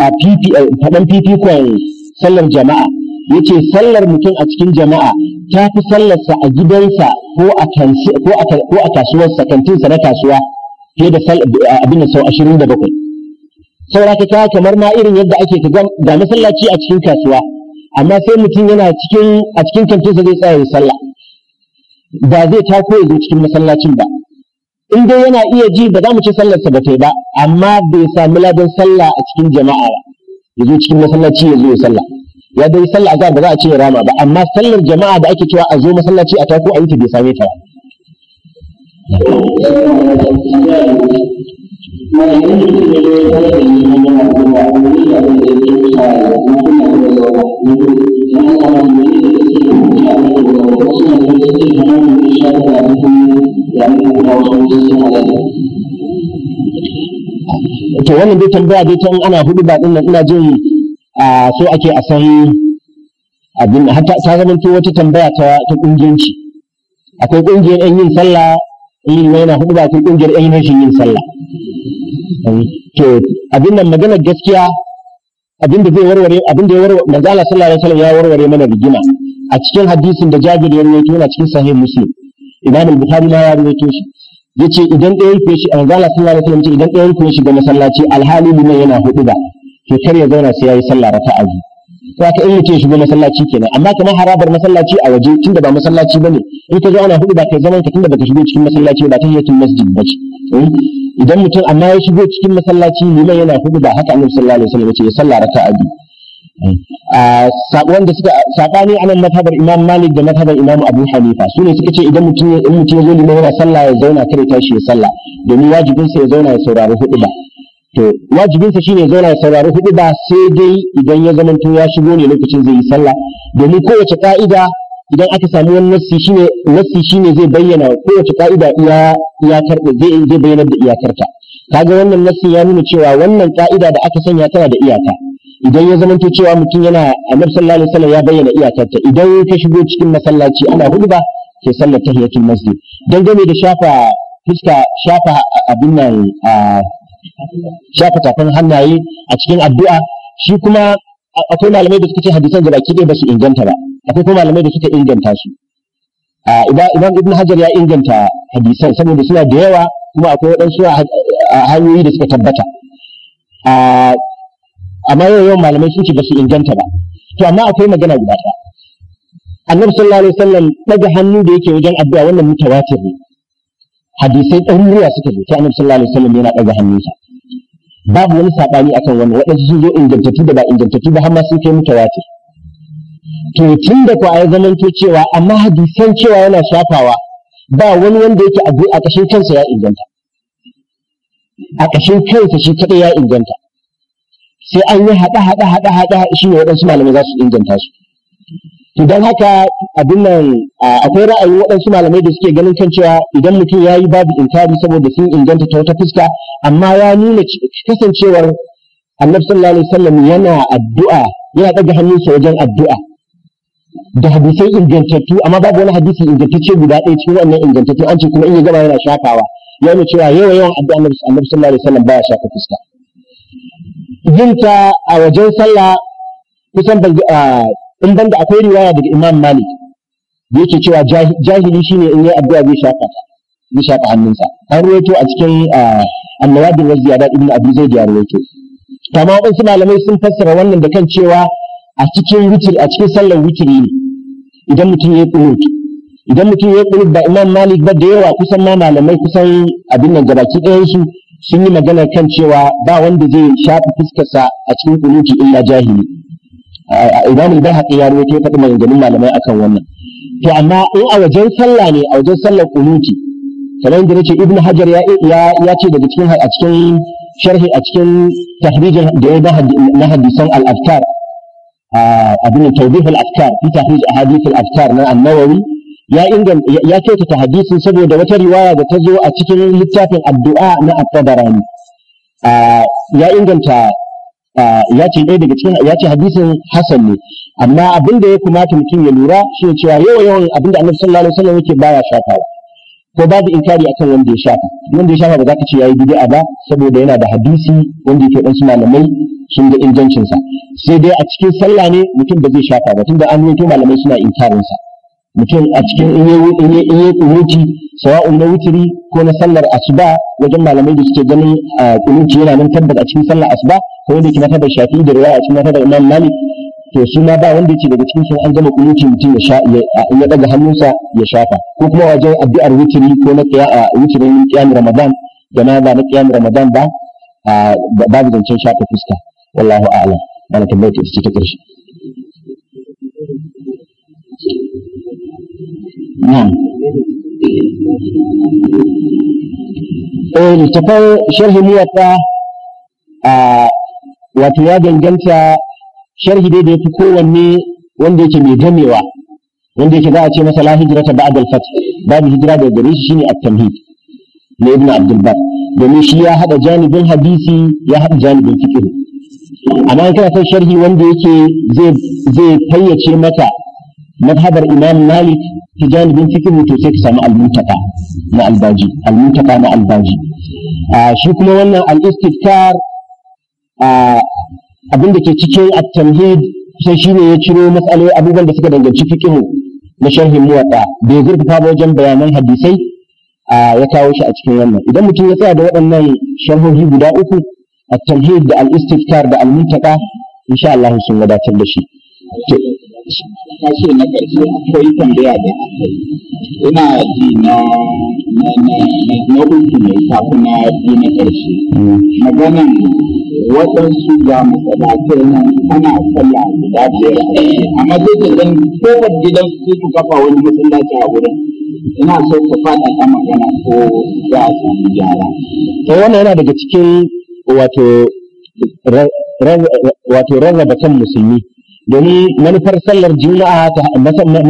a faɗan fifikon sallar jama'a yace sallar mutum a cikin jama'a ta fi sallarsa a gidansa ko a ko a kasuwarsa kantinsa na kasuwa fiye da abin da sau ashirin da bakwai saura ta kamar ma irin yadda ake ga masallaci a cikin kasuwa amma sai mutum yana cikin a cikin kantinsa zai tsaya ya sallah ba zai tako ya zo cikin masallacin ba in dai yana iya ji ba za mu ci sallarsa ba ta ba amma bai sami ladan sallah a cikin jama'a ba ya zo cikin masallaci ya zo ya sallah ya dai sallah azhar da za a ce rama ba amma sallar jama'a da ake cewa a zo masallaci a tako a yi ta bai same ta to wannan dai tambaya dai ta ana hudu ba din nan ina jin a so ake a san abin hatta ta zama wata tambaya ta ta kungiyanci akwai kungiyar yan yin sallah yin yana hudu ba akwai kungiyar yan rashin yin sallah to abin nan magana gaskiya abin da zai warware abin da ya warware manzo Allah sallallahu alaihi wasallam ya warware mana rigima a cikin hadisin da Jabir ya rawaito yana cikin sahih Muslim Imam al-Bukhari ma ya rawaito shi yace idan ɗayan ku shi manzo Allah sallallahu alaihi wasallam ce idan ɗayan ku shi ga masallaci alhali liman yana hudu ba to kar ya zauna sai yayi sallah raka'a biyu to haka in mutum shigo masallaci kenan amma kamar harabar masallaci a waje tunda ba masallaci bane in ka zo ana hudu ba kai zaman ka tunda baka shigo cikin masallaci ba ta tahiyatul masjid bace eh? idan mutum amma ya shigo cikin masallaci liman yana hudu ba haka annabi sallallahu alaihi wasallam yace ya sallah raka'a biyu eh? wanda suka sabani anan mazhabar Imam Malik da mazhabar Imam Abu Hanifa su ne suka ce idan mutum in mutum ya zo liman yana sallah ya zauna kare tashi ya sallah domin wajibin sa ya zauna ya saurari hudu ba to wajibinsa shine zauna ya saurari hudu ba sai dai idan ya zamanto ya shigo ne lokacin zai yi sallah domin kowace ka'ida idan aka samu wani nassi shine nassi shine zai bayyana kowace ka'ida iya iyakar zai zai bayyana da iyakarta kaga wannan nassi ya nuna cewa wannan ka'ida da aka sanya tana da iyaka idan ya zamanto cewa mutum yana annabi sallallahu alaihi wasallam ya bayyana iyakarta idan ka shigo cikin masallaci ana huduba ke sallar tahiyatul masjid dangane da shafa fuska shafa abin nan shafa tafin hannaye a cikin addu'a shi kuma akwai malamai da suka ce hadisan da baki ɗaya ba su inganta ba akwai kuma malamai da suka inganta su Idan ibn hajar ya inganta hadisan saboda suna da yawa kuma akwai waɗansu hanyoyi da suka tabbata amma yau yawan malamai sun ce ba su inganta ba to amma akwai magana guda ɗaya annabi sallallahu alaihi wasallam daga hannu da yake wajen addu'a wannan mutawatir ne hadisai ɗaruruwa suka zo ta annabi sallallahu alaihi wasallam yana ɗaga hannunsa babu wani saɓani akan wani waɗansu sun zo ingantattu da ba ingantattu ba har ma sun kai mutawatir to tun da kwa ya zamanto cewa amma hadisan cewa yana shafawa ba wani wanda yake a a ƙashin kansa ya inganta a ƙashin kansa shi kaɗai ya inganta sai an yi haɗa haɗa haɗa haɗa shi ne waɗansu malamai za su inganta su idan haka abin nan akwai ra'ayin waɗansu malamai da suke ganin kan cewa idan mutum ya yi babu inkari saboda sun inganta ta wata fuska amma ya nuna kasancewar annabi sallallahu alaihi wasallam yana addu'a yana ɗaga hannunsa wajen addu'a da hadisai ingantattu amma babu wani hadisi ingantacce guda ɗaya cikin wannan ingantattu an ce kuma in ya gama yana shafawa ya nuna cewa yawa yawan addu'a annabi sallallahu alaihi wasallam baya shafa fuska yinta ta a wajen sallah kusan ban in banda akwai riwaya daga Imam Malik da yake cewa jahili shine in yi addu'a zai shafa zai shaka hannunsa an ruwaito a cikin annawadin wa ziyadat ibn abi zaid ya ruwaito kama wadansu malamai sun fassara wannan da kan cewa a cikin witr a cikin sallar witri ne idan mutum ya qunut idan mutum ya qunut ba Imam Malik ba da yawa kusan ma malamai kusan abin nan gabaki ɗayan su sun yi magana kan cewa ba wanda zai shafi fuskarsa a cikin qunuti illa jahili imamu al-bahaqi ya rawaito ya faɗi maganganun malamai akan wannan to amma in a wajen sallah ne a wajen sallar kunuti kamar yadda nace ibnu hajar ya ya ce daga cikin a cikin sharhi a cikin tahrijin da ya na hadisan al a abin tawbih al-afkar fi tahrij ahadith al-afkar na an-nawawi ya inganta ya ta hadisin saboda wata riwaya da ta zo a cikin littafin addu'a na at-tabarani ya inganta Ah, ya ce ɗaya daga cikin ya ce hadisin hasan ne amma abin da ya kamata mutum ya lura shi ne cewa yawan yawan abin da annabi sallallahu alaihi wasallam yake baya shafawa ko babu inkari akan wanda ya shafa wanda ya shafa ba za ka ce yayi bid'a ba saboda yana da hadisi wanda yake dan su malamai sun da injancin sa sai dai a cikin sallah ne mutum ba zai shafa ba tunda an yi malamai suna inkarin sa mutum a cikin inye yi sawa'un na wutiri ko na sallar asuba wajen malamai da suke ganin kunuci yana nan tabbat a cikin sallar asuba ko wanda yake mata da shafi da ruwa a cikin mata da imam malik to su ma ba wanda yake daga cikin sun an gama kunuci mutum ya daga hannunsa ya shafa ko kuma wajen addu'ar wutiri ko na wutirin qiyam ramadan da ma ba na qiyam ramadan ba babu zancen shafa fuska wallahu a'lam ana tambayar ta ce ta ƙarshe. نعم eh littafai sharhi muwatta a wato ya danganta sharhi dai da fi kowanne wanda yake mai gamewa wanda yake za a ce masa la hijrata ba'd al-fath babu hijira da gare shi shine at-tamhid na ibn abdul bar domin shi ya hada janibin hadisi ya hada janibin fiqh amma in kana son sharhi wanda yake zai zai fayyace maka madhabar imam malik ta janibin fikihu to sai ka samu almuntaka na albaji almuntaka na albaji shi kuma wannan al-istifkar ke cikin at-tamhid sai shine ya ciro matsaloli abubuwan da suka danganci fikihu na sharhin muwatta bai zurfafa wajen bayanan hadisai ya kawo shi a cikin wannan idan mutum ya tsaya da waɗannan sharhohi guda uku at-tamhid da al da al-muntaka insha Allah sun wadatar da shi kashe na ƙarshe akwai tambaya da aka yi ina ji na na uku ne kafin na ji na ƙarshe maganan waɗansu ga masalatai nan ana sallah guda biyar amma sai ka zan kofar gidan su su kafa wani masallaci a wurin ina so ka ta magana ko za a samu gyara. to wannan yana daga cikin wato wato rarraba kan musulmi domin manufar sallar juma'a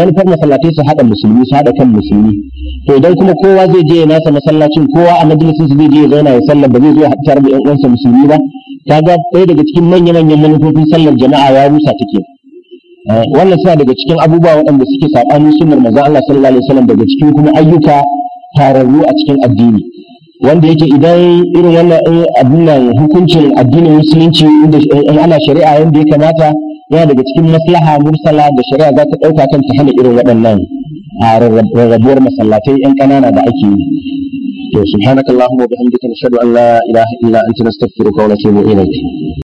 manufar masallatai su haɗa musulmi su haɗa kan musulmi to idan kuma kowa zai je ya nasa masallacin kowa a majalisin su zai je ya zauna ya sallar ba zai zo tare da ƴan uwansa musulmi ba kaga ɗaya daga cikin manya manyan manufofin sallar jama'a ya rusa take eh, wannan suna daga cikin abubuwa waɗanda suke saɓanin sunnar manzon Allah sallallahu alaihi wasallam daga cikin kuma ayyuka tararru a cikin addini wanda yake idan irin wannan eh, abin nan hukuncin addinin musulunci inda eh, ana shari'a yanda ya kamata yana daga cikin maslaha mursala da shari'a za ta ɗauka kan ta hana irin waɗannan rarrabuwar masallatai 'yan ƙanana da ake yi to subhanakallahumma wa bihamdika nashhadu an la ilaha illa anta nastaghfiruka wa natubu ilayk